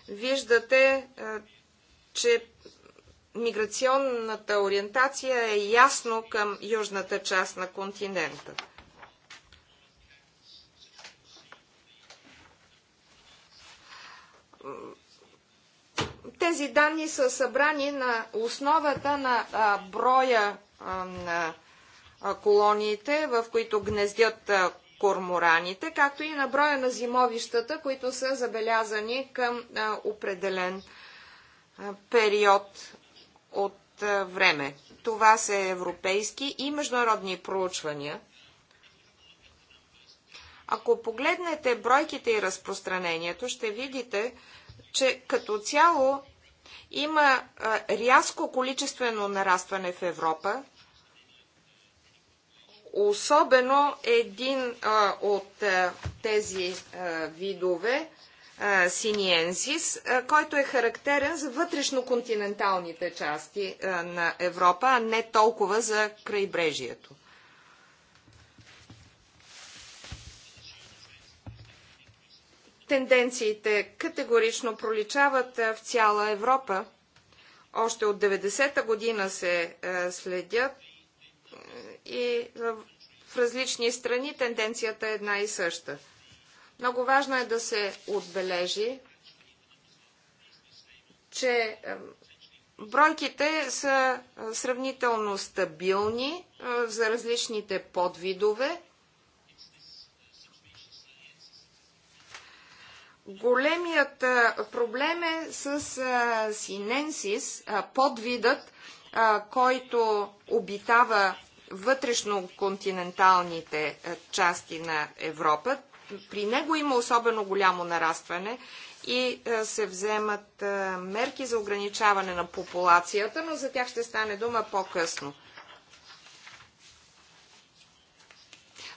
Виждате, е, че миграционната ориентация е ясно към южната част на континента. Тези данни са събрани на основата на а, броя а, на а, колониите, в които гнездят кормораните, както и на броя на зимовищата, които са забелязани към определен период от време. Това са европейски и международни проучвания. Ако погледнете бройките и разпространението, ще видите, че като цяло има рязко количествено нарастване в Европа. Особено един а, от а, тези а, видове, а, а, който е характерен за вътрешно-континенталните части а, на Европа, а не толкова за крайбрежието. Тенденциите категорично проличават в цяла Европа. Още от 90-та година се следят и в различни страни тенденцията е една и съща. Много важно е да се отбележи, че бройките са сравнително стабилни за различните подвидове Големият проблем е с синенсис, подвидът, който обитава вътрешно-континенталните части на Европа. При него има особено голямо нарастване и се вземат мерки за ограничаване на популацията, но за тях ще стане дума по-късно.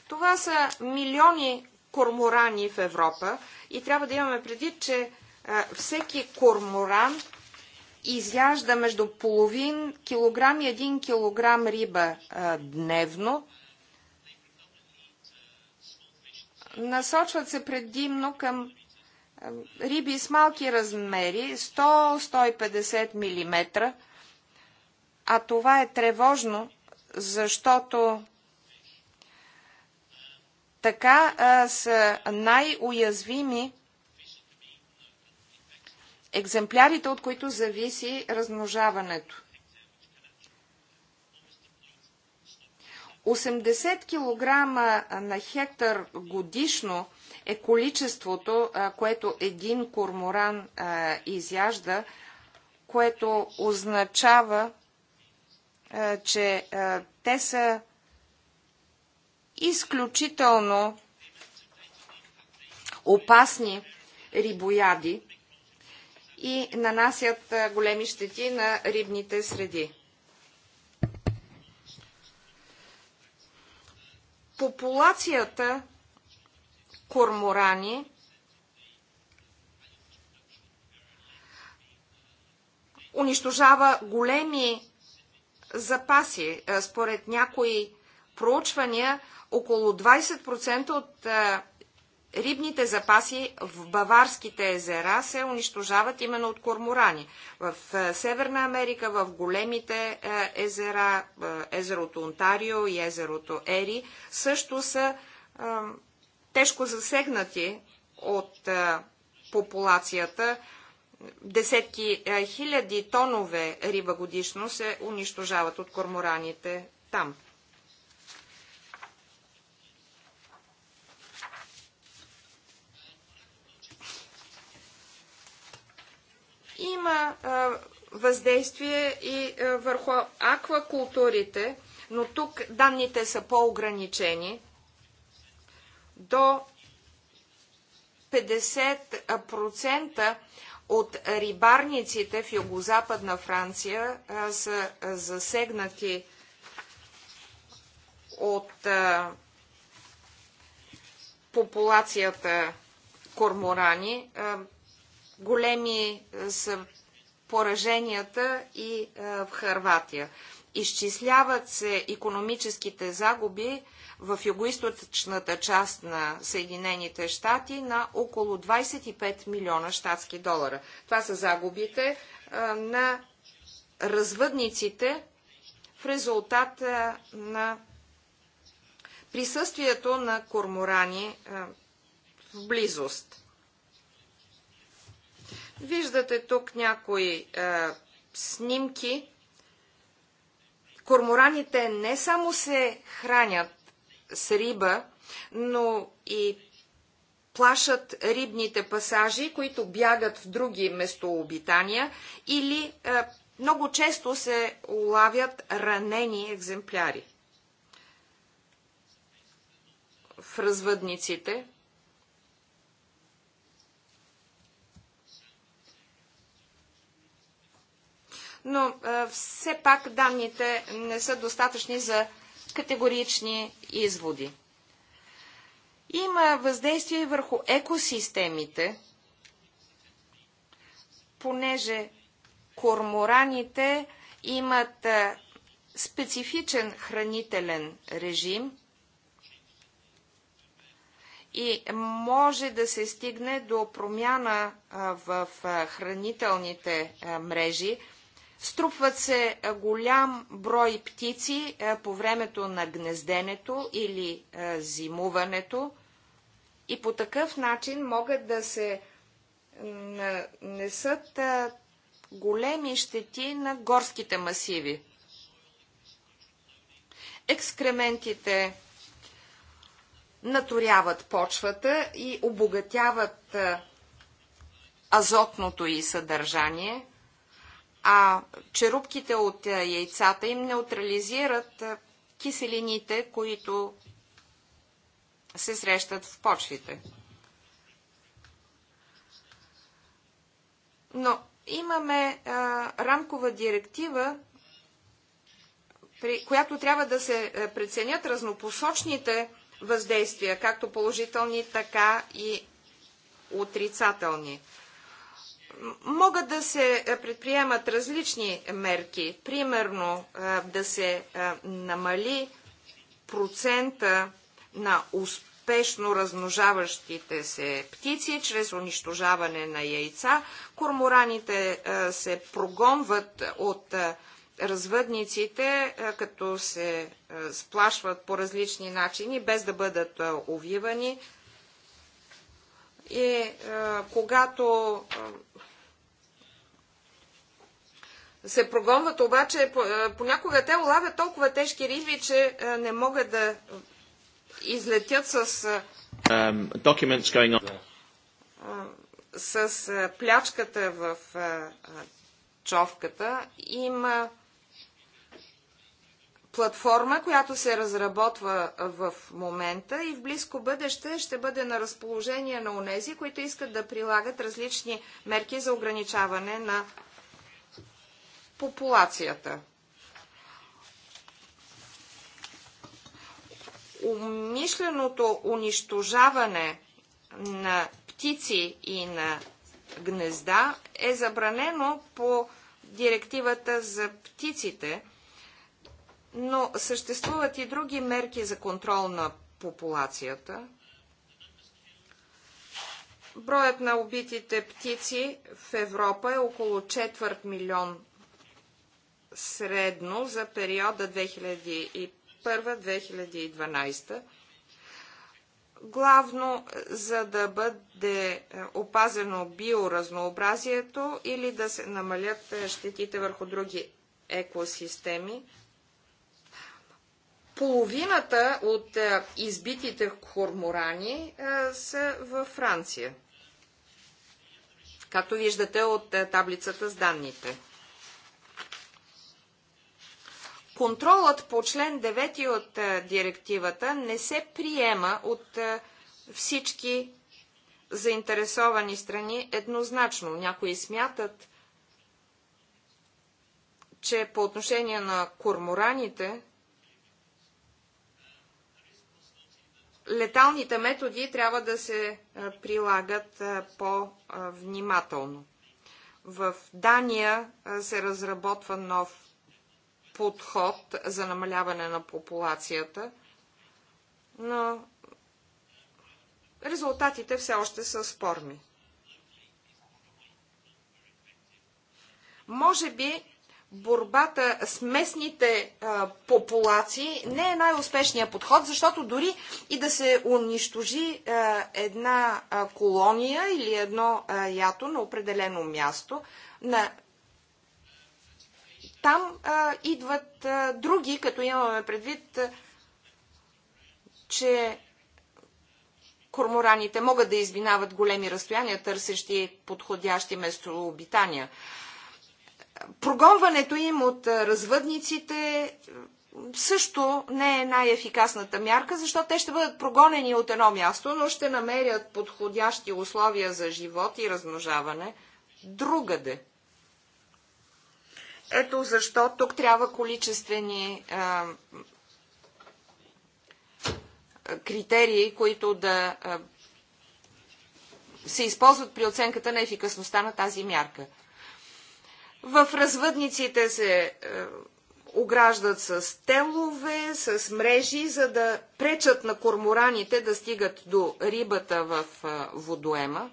Това са милиони корморани в Европа и трябва да имаме предвид, че всеки корморан изяжда между половин килограм и един килограм риба дневно. Насочват се предимно към риби с малки размери, 100-150 мм, а това е тревожно, защото така а, са най-уязвими екземплярите, от които зависи размножаването. 80 кг на хектар годишно е количеството, което един корморан изяжда, което означава, че те са изключително опасни рибояди и нанасят големи щети на рибните среди. Популацията корморани унищожава големи запаси. Според някои проучвания около 20% от а, е, рибните запаси в баварските езера се унищожават именно от корморани. В а, е, Северна Америка, в големите а, е, езера, езерото Онтарио и езерото Ери, също са тежко засегнати от популацията. Десетки хиляди тонове риба годишно се унищожават от кормораните там. Има а, въздействие и а, върху аквакултурите, но тук данните са по-ограничени. До 50% от рибарниците в югозападна Франция а, са засегнати от а, популацията корморани. А, Големи е, са пораженията и е, в Харватия. Изчисляват се економическите загуби в югоисточната част на Съединените щати на около 25 милиона щатски долара. Това са загубите е, на развъдниците в резултат на присъствието на корморани в близост. Виждате тук някои е, снимки. Кормораните не само се хранят с риба, но и плашат рибните пасажи, които бягат в други местообитания или е, много често се улавят ранени екземпляри. В развъдниците но все пак данните не са достатъчни за категорични изводи. Има въздействие върху екосистемите, понеже кормораните имат специфичен хранителен режим и може да се стигне до промяна в хранителните мрежи, Струпват се е, голям брой птици е, по времето на гнезденето или е, зимуването и по такъв начин могат да се нанесат големи щети на горските масиви. Екскрементите наторяват почвата и обогатяват азотното и съдържание – а черупките от е, яйцата им неутрализират е, киселините, които се срещат в почвите. Но имаме а, е, рамкова директива, при която трябва да се преценят разнопосочните въздействия, както положителни, така и отрицателни могат да се е, предприемат различни мерки, примерно е, да се е, намали процента на успешно размножаващите се птици чрез унищожаване на яйца. Кормораните се прогонват от развъдниците, като се сплашват по различни начини, без да бъдат увивани. И когато се прогонват, обаче е, е, понякога те улавят толкова тежки риби, че е, не могат да излетят с, um, с плячката в човката. Има платформа, която се разработва в момента и в близко бъдеще ще бъде на разположение на унези, които искат да прилагат различни мерки за ограничаване на популацията. Умишленото унищожаване на птици и на гнезда е забранено по директивата за птиците, но съществуват и други мерки за контрол на популацията. Броят на убитите птици в Европа е около четвърт милион средно за периода 2001-2012, главно за да бъде е, опазено биоразнообразието или да се намалят е, щетите върху други екосистеми. Половината от е, избитите корморани са във Франция. Както виждате от таблицата с данните. контролът по член 9 от е, директивата не се приема от е, всички заинтересовани страни еднозначно. Някои смятат, че по отношение на кормораните, леталните методи трябва да се е, прилагат по-внимателно. В Дания се разработва нов подход за намаляване на популацията, но резултатите все още са спорни. Може би борбата с местните а, популации не е най-успешният подход, защото дори и да се унищожи а, една а, колония или едно а, ято на определено място, на там а, идват а, други, като имаме предвид, а, че кормораните могат да извинават големи разстояния, търсещи подходящи местообитания. Прогонването им от развъдниците също не е най-ефикасната мярка, защото те ще бъдат прогонени от едно място, но ще намерят подходящи условия за живот и размножаване другаде. Ето защо тук трябва количествени а, критерии, които да а, се използват при оценката на ефикасността на тази мярка. В развъдниците се а, ограждат с телове, с мрежи, за да пречат на кормораните да стигат до рибата в водоема.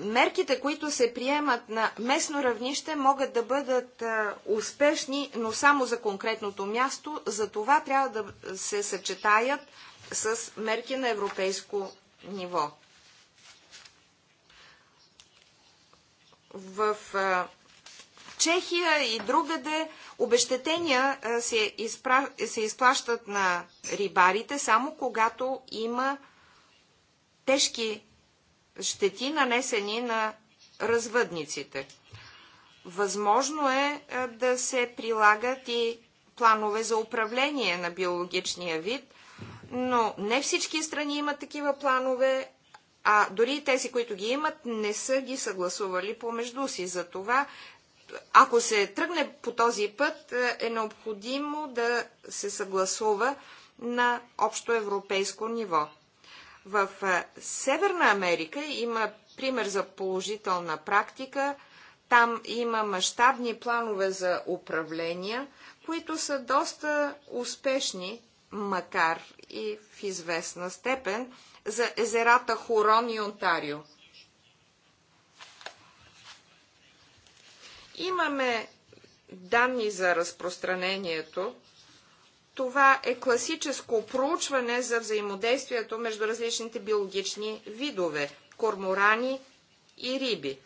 мерките, които се приемат на местно равнище, могат да бъдат успешни, но само за конкретното място. За това трябва да се съчетаят с мерки на европейско ниво. В Чехия и другаде обещетения се, изпра... се изплащат на рибарите само когато има тежки щети нанесени на развъдниците. Възможно е, е да се прилагат и планове за управление на биологичния вид, но не всички страни имат такива планове, а дори тези, които ги имат, не са ги съгласували помежду си. Затова, ако се тръгне по този път, е, е необходимо да се съгласува на общо европейско ниво. В е, Северна Америка има пример за положителна практика. Там има мащабни планове за управления, които са доста успешни, макар и в известна степен, за езерата Хорон и Онтарио. Имаме данни за разпространението това е класическо проучване за взаимодействието между различните биологични видове – корморани и риби.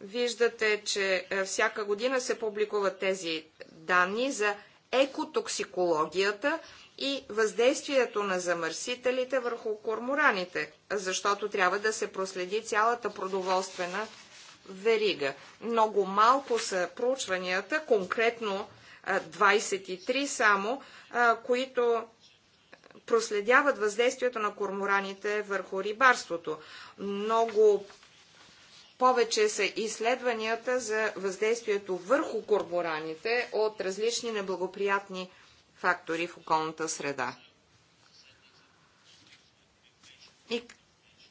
Виждате, че е, всяка година се публикуват тези данни за екотоксикологията и въздействието на замърсителите върху кормораните, защото трябва да се проследи цялата продоволствена верига. Много малко са проучванията, конкретно 23 само, които проследяват въздействието на кормораните върху рибарството. Много повече са изследванията за въздействието върху кормораните от различни неблагоприятни фактори в околната среда. И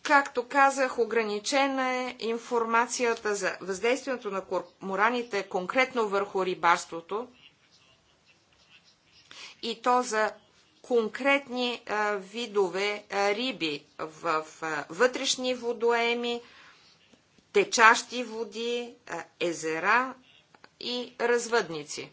както казах, ограничена е информацията за въздействието на кормораните конкретно върху рибарството, и то за конкретни видове риби в вътрешни водоеми, течащи води, езера и развъдници.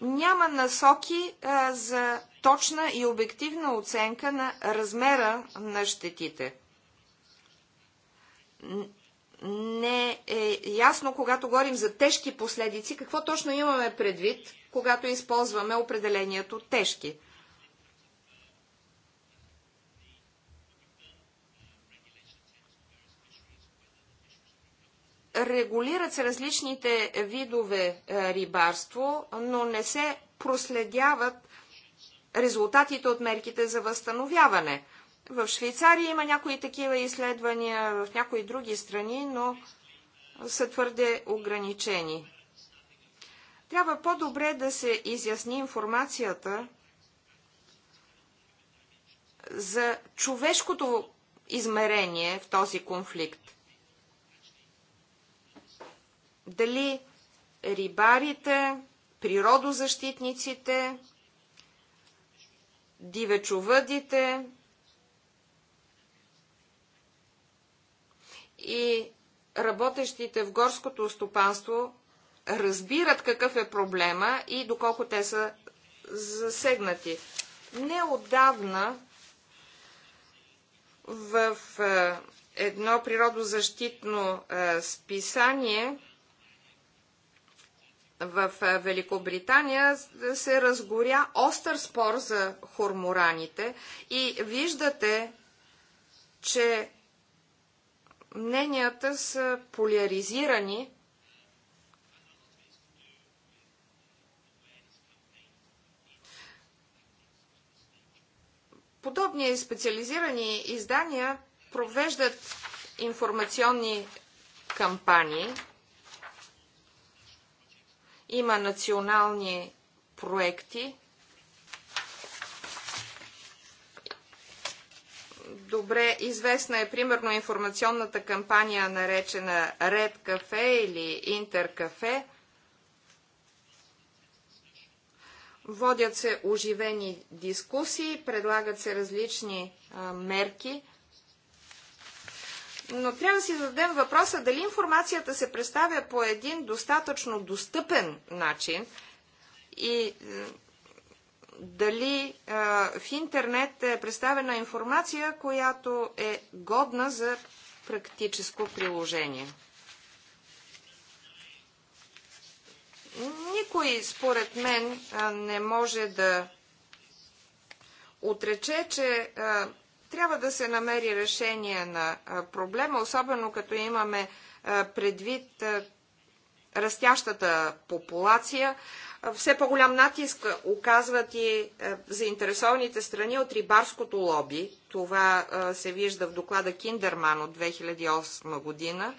Няма насоки за точна и обективна оценка на размера на щетите не е ясно, когато говорим за тежки последици, какво точно имаме предвид, когато използваме определението тежки. Регулират се различните видове е, рибарство, но не се проследяват резултатите от мерките за възстановяване. В Швейцария има някои такива изследвания, в някои други страни, но са твърде ограничени. Трябва по-добре да се изясни информацията за човешкото измерение в този конфликт. Дали рибарите, природозащитниците, дивечовъдите, и работещите в горското стопанство разбират какъв е проблема и доколко те са засегнати. Неодавна в е, едно природозащитно е, списание в е, Великобритания се разгоря остър спор за хормораните и виждате, че мненията са поляризирани. Подобни специализирани издания провеждат информационни кампании. Има национални проекти, добре известна е примерно информационната кампания, наречена Ред кафе или Интеркафе. Водят се оживени дискусии, предлагат се различни а, мерки. Но трябва да си зададем въпроса дали информацията се представя по един достатъчно достъпен начин и дали в интернет е представена информация, която е годна за практическо приложение. Никой, според мен, не може да отрече, че трябва да се намери решение на проблема, особено като имаме предвид растящата популация, все по-голям натиск оказват и е, заинтересованите страни от рибарското лоби. Това е, се вижда в доклада Киндерман от 2008 година.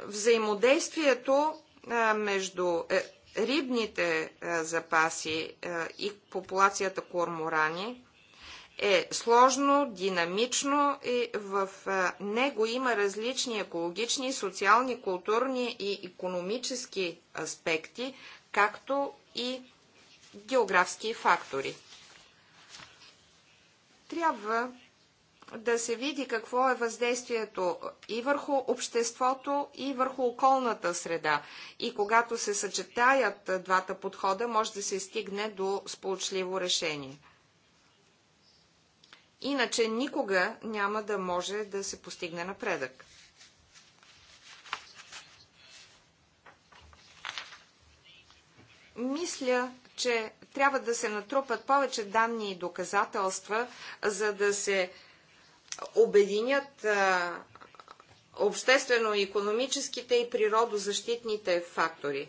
Взаимодействието е, между рибните запаси и популацията корморани е сложно, динамично и в него има различни екологични, социални, културни и економически аспекти, както и географски фактори. Трябва да се види какво е въздействието и върху обществото, и върху околната среда. И когато се съчетаят двата подхода, може да се стигне до сполучливо решение. Иначе никога няма да може да се постигне напредък. Мисля, че трябва да се натрупат повече данни и доказателства, за да се обединят обществено-економическите и природозащитните фактори.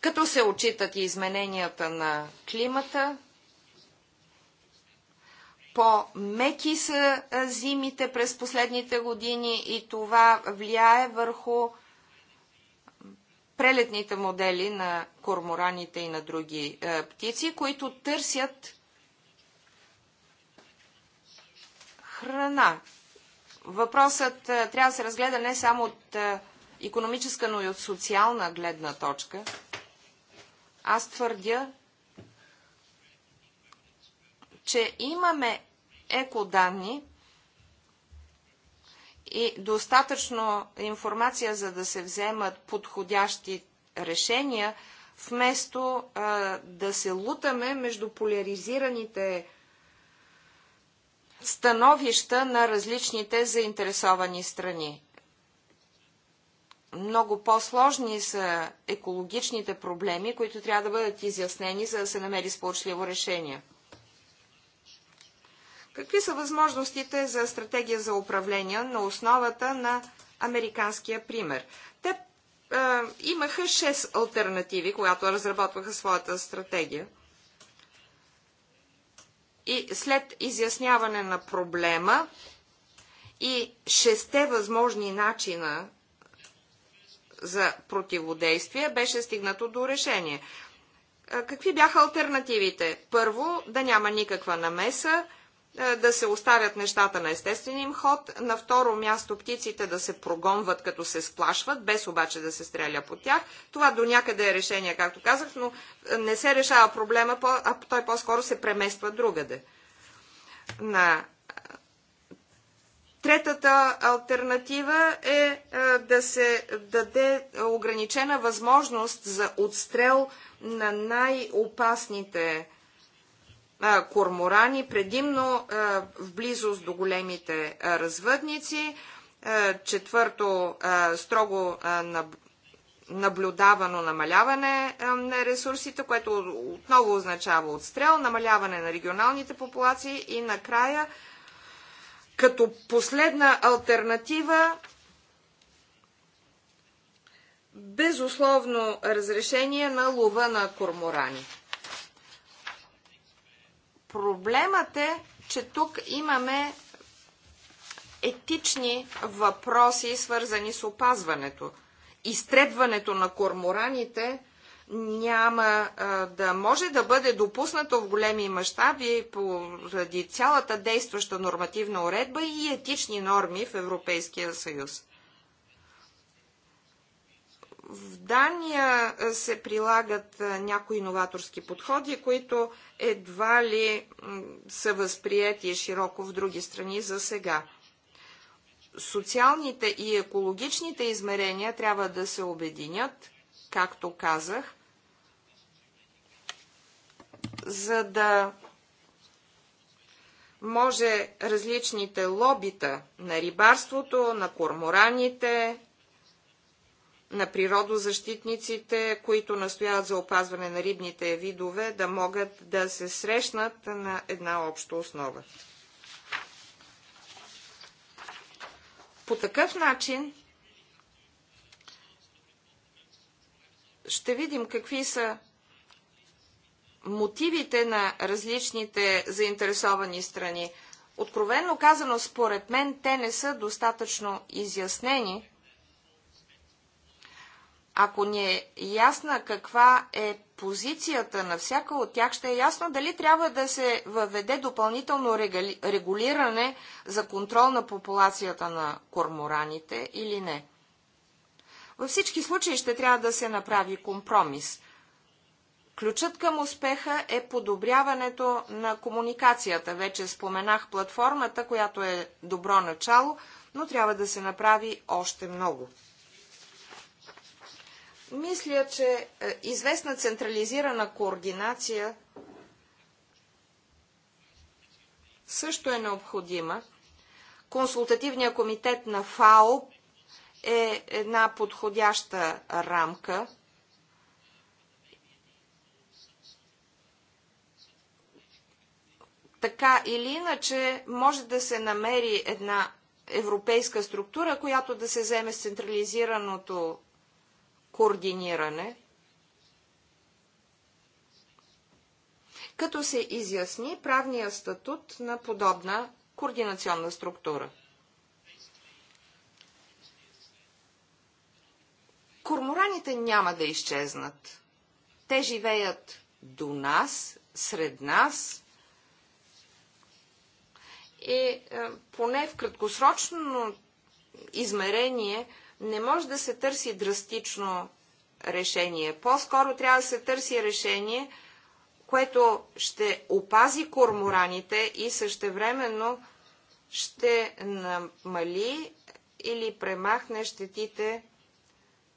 Като се отчитат и измененията на климата, по-меки са зимите през последните години и това влияе върху прелетните модели на кормораните и на други птици, които търсят храна. Въпросът трябва да се разгледа не само от економическа, но и от социална гледна точка. Аз твърдя, че имаме екоданни и достатъчно информация, за да се вземат подходящи решения, вместо а, да се лутаме между поляризираните становища на различните заинтересовани страни. Много по-сложни са екологичните проблеми, които трябва да бъдат изяснени, за да се намери сполучливо решение. Какви са възможностите за стратегия за управление на основата на американския пример? Те е, имаха 6 альтернативи, когато разработваха своята стратегия. И след изясняване на проблема и шесте възможни начина за противодействие беше стигнато до решение. Е, какви бяха альтернативите? Първо, да няма никаква намеса, е, да се оставят нещата на естествен им ход. На второ място птиците да се прогонват като се сплашват, без обаче да се стреля по тях. Това до някъде е решение, както казах, но е, не се решава проблема, а той по-скоро се премества другаде. На е, Третата альтернатива е да се даде ограничена възможност за отстрел на най-опасните корморани, предимно в близост до големите развъдници. Четвърто, строго наблюдавано намаляване на ресурсите, което отново означава отстрел, намаляване на регионалните популации и накрая като последна альтернатива безусловно разрешение на лова на корморани. Проблемът е, че тук имаме етични въпроси, свързани с опазването. Изтребването на кормораните няма а, да може да бъде допуснато в големи мащаби поради цялата действаща нормативна уредба и етични норми в Европейския съюз. В Дания се прилагат някои новаторски подходи, които едва ли са възприяти широко в други страни за сега. Социалните и екологичните измерения трябва да се обединят, както казах, за да може различните лобита на рибарството, на кормораните, на природозащитниците, които настояват за опазване на рибните видове, да могат да се срещнат на една обща основа. По такъв начин ще видим какви са мотивите на различните заинтересовани страни. Откровенно казано, според мен те не са достатъчно изяснени ако ни е ясна каква е позицията на всяка от тях, ще е ясно дали трябва да се въведе допълнително регулиране за контрол на популацията на кормораните или не. Във всички случаи ще трябва да се направи компромис. Ключът към успеха е подобряването на комуникацията. Вече споменах платформата, която е добро начало, но трябва да се направи още много. Мисля, че е, известна централизирана координация също е необходима. Консултативният комитет на ФАО е една подходяща рамка. Така или иначе може да се намери една европейска структура, която да се вземе с централизираното координиране, като се изясни правния статут на подобна координационна структура. Кормораните няма да изчезнат. Те живеят до нас, сред нас и е, поне в краткосрочно измерение – не може да се търси драстично решение. По-скоро трябва да се търси решение, което ще опази кормораните и същевременно ще намали или премахне щетите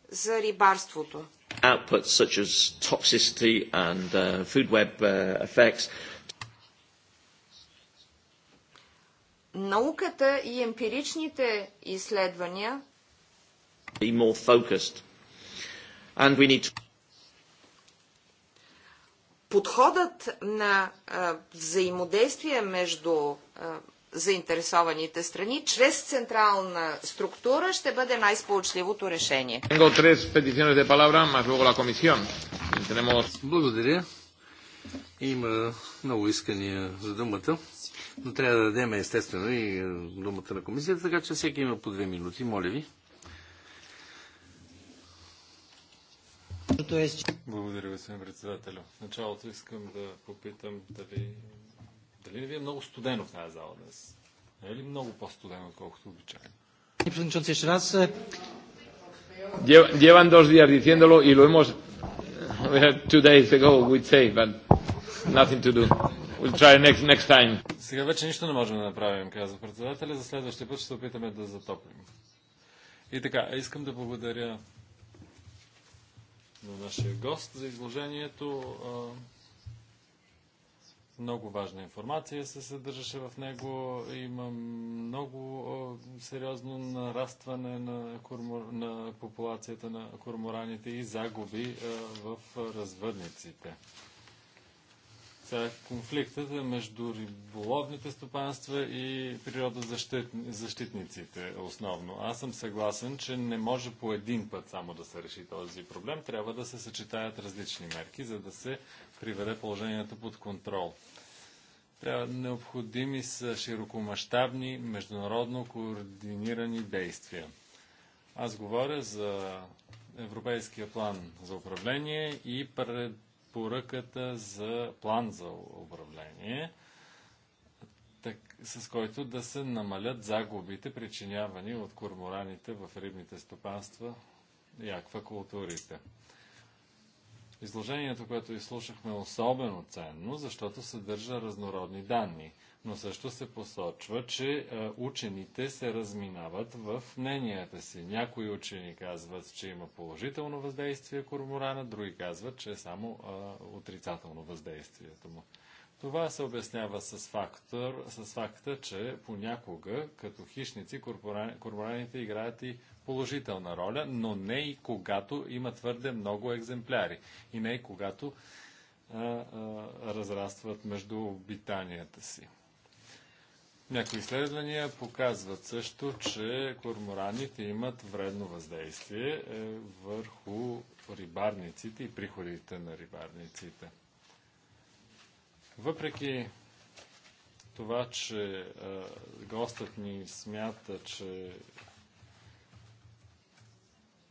за рибарството. Outputs such as toxicity and uh, food web uh, effects. Науката и емпиричните изследвания – be more focused. And we need to... Подходът на а, взаимодействие между а, заинтересованите страни чрез централна структура ще бъде най-сполучливото решение. Благодаря. Има много искания за думата, но трябва да дадем естествено и думата на комисията, така че всеки има по две минути, моля ви. Благодаря, господин председател. В началото искам да попитам дали, дали не ви е много студено в тази зала днес? Не е ли много по-студено, отколкото обичайно? Е, llevan dos días diciéndolo y lo hemos two days ago we'd say, but nothing to do. We'll try next, next time. Сега вече нищо не можем да направим, казва председателя. За следващия път ще се опитаме да затоплим. И така, искам да благодаря на нашия гост за изложението. Много важна информация се съдържаше в него. Има много сериозно нарастване на, кормор... на популацията на кормораните и загуби в развъдниците. Сега е конфликтът е между риболовните стопанства и природозащитниците основно. Аз съм съгласен, че не може по един път само да се реши този проблем. Трябва да се съчетаят различни мерки, за да се приведе положението под контрол. Трябва необходими са широкомащабни, международно координирани действия. Аз говоря за Европейския план за управление и пред поръката за план за управление, так, с който да се намалят загубите, причинявани от кормораните в рибните стопанства и аквакултурите. Изложението, което изслушахме, е особено ценно, защото съдържа разнородни данни – но също се посочва, че е, учените се разминават в мненията си. Някои учени казват, че има положително въздействие корморана, други казват, че е само а, е, отрицателно въздействието му. Това се обяснява с, фактор, с факта, че понякога като хищници кормораните играят и положителна роля, но не и когато има твърде много екземпляри и не и когато а, е, а, разрастват между обитанията си. Някои изследвания показват също, че кормораните имат вредно въздействие е, върху рибарниците и приходите на рибарниците. Въпреки това, че е, гостът ни смята, че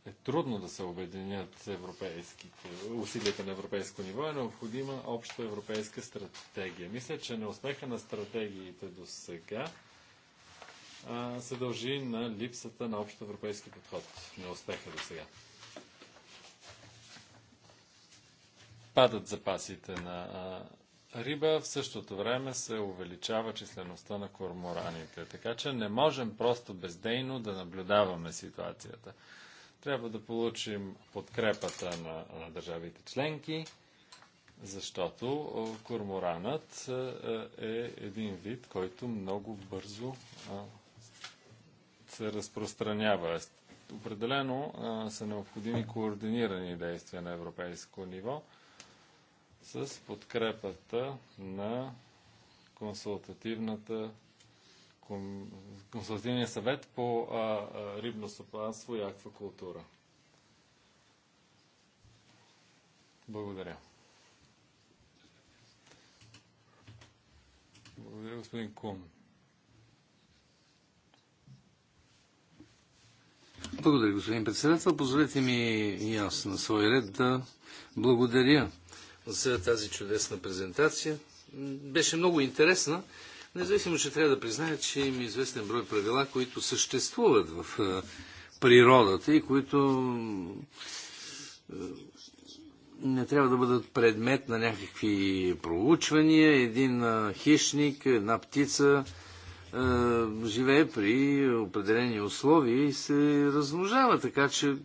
е трудно да се обединят европейските, усилията на европейско ниво, е необходима обща европейска стратегия. Мисля, че неуспеха на стратегиите до сега се дължи на липсата на общ европейски подход. Неуспеха до сега. Падат запасите на риба, в същото време се увеличава числеността на кормораните. Така че не можем просто бездейно да наблюдаваме ситуацията. Трябва да получим подкрепата на, на държавите членки, защото корморанът е, е един вид, който много бързо се разпространява. Е, определено са необходими координирани действия на европейско ниво с подкрепата на консултативната консултативния съвет по а, а, рибно стопанство и аквакултура. Благодаря. Благодаря, господин Кун. Благодаря, господин председател. Позволете ми и аз на свой ред да благодаря за тази чудесна презентация. Беше много интересна Независимо, че трябва да призная, че има известен брой правила, които съществуват в е, природата и които е, не трябва да бъдат предмет на някакви проучвания. Един е, хищник, една птица живее при определени условия и се размножава. Така че в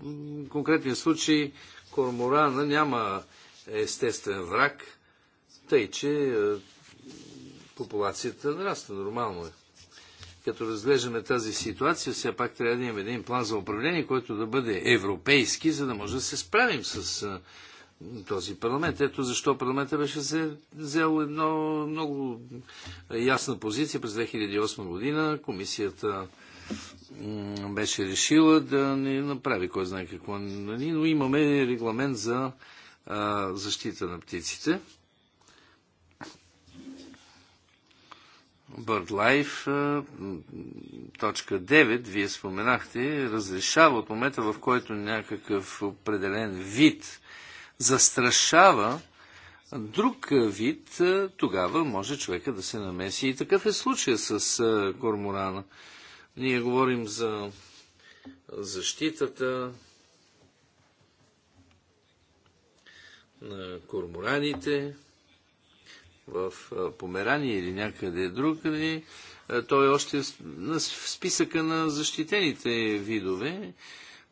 конкретния случай корморана няма естествен враг, тъй че популацията нараства. Нормално е. Като разглеждаме тази ситуация, все пак трябва да имаме един план за управление, който да бъде европейски, за да може да се справим с този парламент. Ето защо парламентът беше взел едно много ясна позиция през 2008 година. Комисията беше решила да не направи кой знае какво, но имаме регламент за защита на птиците. BirdLife, точка 9, вие споменахте, разрешава от момента, в който някакъв определен вид застрашава друг вид, тогава може човека да се намеси. И такъв е случая с корморана. Ние говорим за защитата на кормораните, в Померания или някъде другаде, той е още в списъка на защитените видове.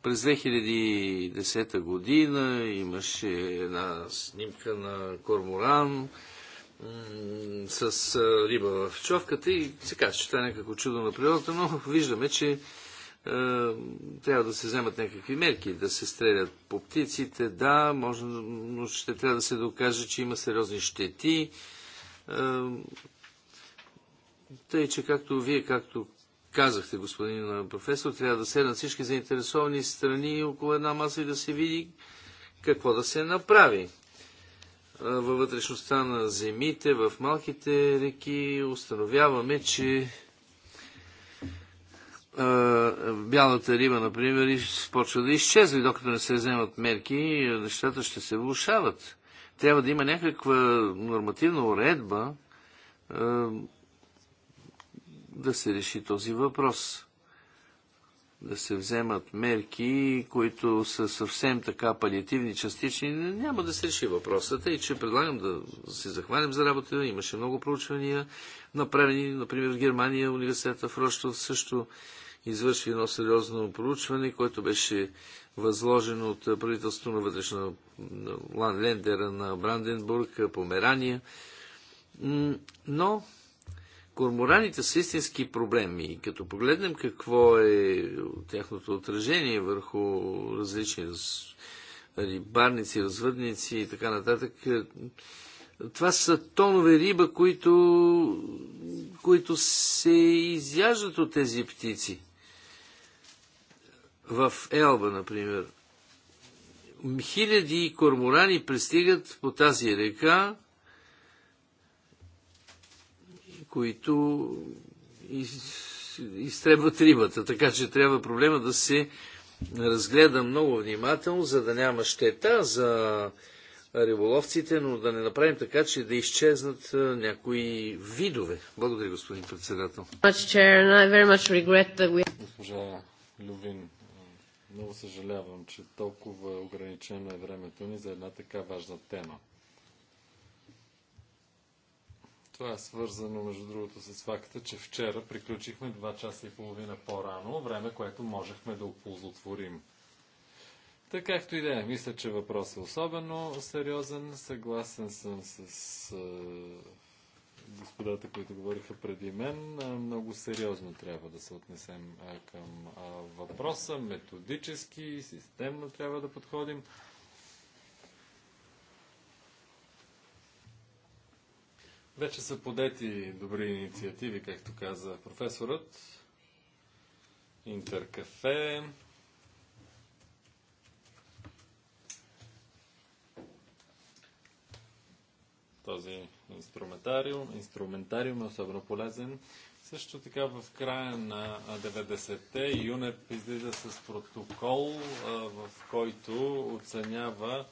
През 2010 година имаше една снимка на корморан с риба в човката и се казва, че това е някакво чудо на природата, но виждаме, че трябва да се вземат някакви мерки, да се стрелят по птиците, да, може, но ще трябва да се докаже, че има сериозни щети е, тъй, че както вие, както казахте, господин професор, трябва да седнат всички заинтересовани страни около една маса и да се види какво да се направи. Във вътрешността на земите, в малките реки, установяваме, че бялата риба, например, почва да изчезва и докато не се вземат мерки, нещата ще се влушават трябва да има някаква нормативна уредба е, да се реши този въпрос. Да се вземат мерки, които са съвсем така палиативни, частични, няма да се реши въпросът. И че предлагам да се захванем за работа. Имаше много проучвания, направени, например, в Германия, университета в Рощов също извърши едно сериозно проучване, което беше възложено от правителството на вътрешна лендера на Бранденбург, Померания. Но кормораните са истински проблеми. като погледнем какво е тяхното отражение върху различни рибарници, развъдници и така нататък, е, това са тонове риба, които, които се изяждат от тези птици в Елба, например. Хиляди корморани пристигат по тази река, които изтребват рибата. Така че трябва проблема да се разгледа много внимателно, за да няма щета за риболовците, но да не направим така, че да изчезнат някои видове. Благодаря, господин председател. Госпожа Лювин много съжалявам, че толкова ограничено е времето ни за една така важна тема. Това е свързано, между другото, с факта, че вчера приключихме 2 часа и половина по-рано, време, което можехме да оползотворим. Така както и да е, мисля, че въпросът е особено сериозен. Съгласен съм с е, господата, които говориха преди мен, много сериозно трябва да се отнесем към въпроса. Методически и системно трябва да подходим. Вече са подети добри инициативи, както каза професорът. Интеркафе. Този инструментариум. Инструментариум е особено полезен. Също така в края на 90-те ЮНЕП излиза с протокол, в който оценява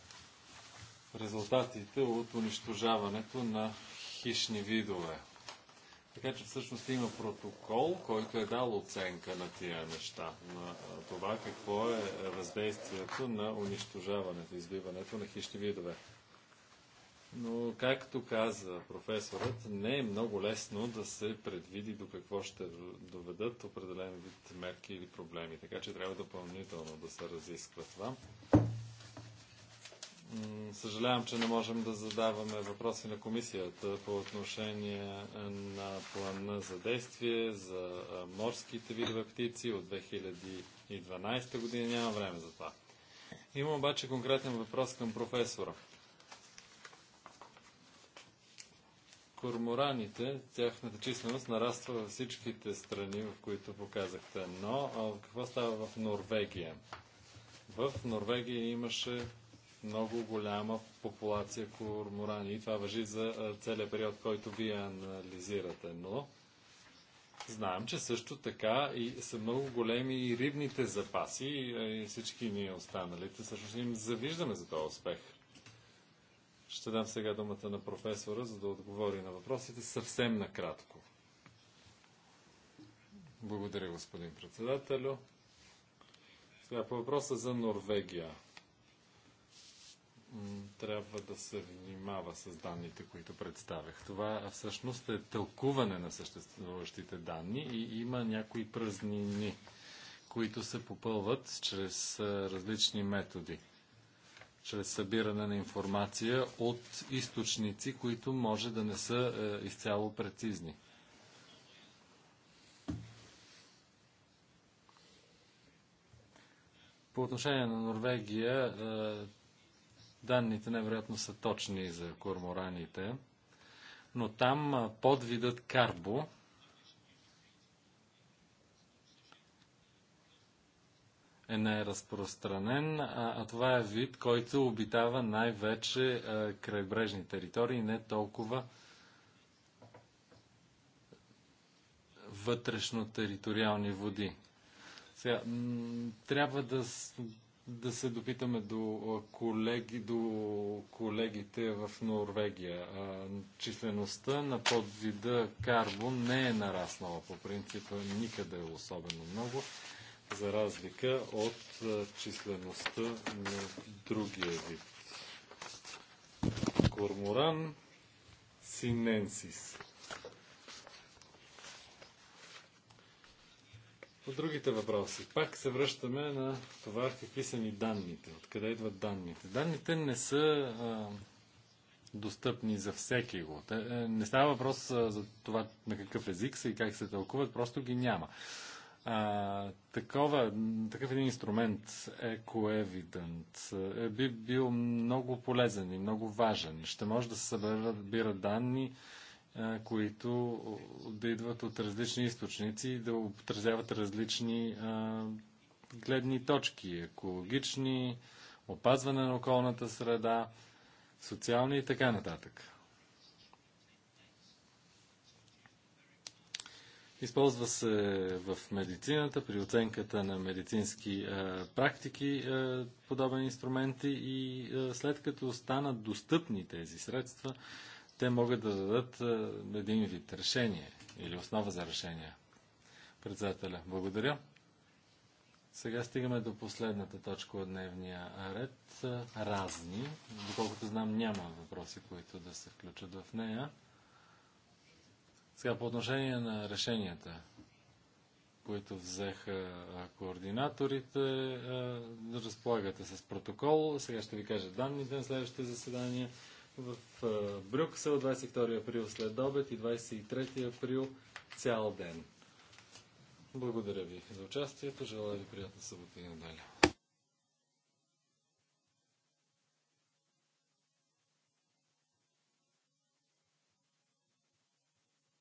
резултатите от унищожаването на хищни видове. Така че всъщност има протокол, който е дал оценка на тия неща, на това какво е, е въздействието на унищожаването, избиването на хищни видове. Но, както каза професорът, не е много лесно да се предвиди до какво ще доведат определен вид мерки или проблеми. Така че трябва допълнително да се разисква това. Съжалявам, че не можем да задаваме въпроси на комисията по отношение на плана за действие за морските видове птици от 2012 година. Няма време за това. Има обаче конкретен въпрос към професора. кормораните, тяхната численост нараства във всичките страни, в които показахте. Но а, какво става в Норвегия? В Норвегия имаше много голяма популация корморани и това въжи за целият период, който вие анализирате. Но знаем, че също така и са много големи и рибните запаси и всички ние останалите Също им завиждаме за този успех. Ще дам сега думата на професора, за да отговори на въпросите съвсем накратко. Благодаря, господин председателю. Сега по въпроса за Норвегия. Трябва да се внимава с данните, които представях. Това всъщност е тълкуване на съществуващите данни и има някои празнини, които се попълват чрез различни методи чрез събиране на информация от източници, които може да не са е, изцяло прецизни. По отношение на Норвегия, е, данните невероятно са точни за кормораните, но там е, подвидът карбо е най-разпространен, а, а това е вид, който обитава най-вече крайбрежни територии, не толкова вътрешно-териториални води. Сега, трябва да, да се допитаме до, колеги, до колегите в Норвегия. Числеността на подвида карбон не е нараснала по принцип никъде е особено много за разлика от е, числеността на другия вид. Корморан синенсис. По другите въпроси. Пак се връщаме на това какви са ни данните, откъде идват данните. Данните не са а, достъпни за всеки го. Е, не става въпрос за това на какъв език са и как се тълкуват, просто ги няма. А, такова, такъв един инструмент, екоевидент, е, би бил много полезен и много важен. Ще може да се събира данни, а, които да идват от различни източници и да отразяват различни а, гледни точки, екологични, опазване на околната среда, социални и така нататък. Използва се в медицината, при оценката на медицински практики подобни инструменти и след като станат достъпни тези средства, те могат да дадат един вид решение или основа за решение. Председателя, благодаря. Сега стигаме до последната точка от дневния ред. Разни. Доколкото знам, няма въпроси, които да се включат в нея. Сега по отношение на решенията, които взеха координаторите, разполагате с протокол. Сега ще ви кажа данните на следващите заседания в Брюксел 22 април след обед и 23 април цял ден. Благодаря ви за участието. Желая ви приятна събота и неделя.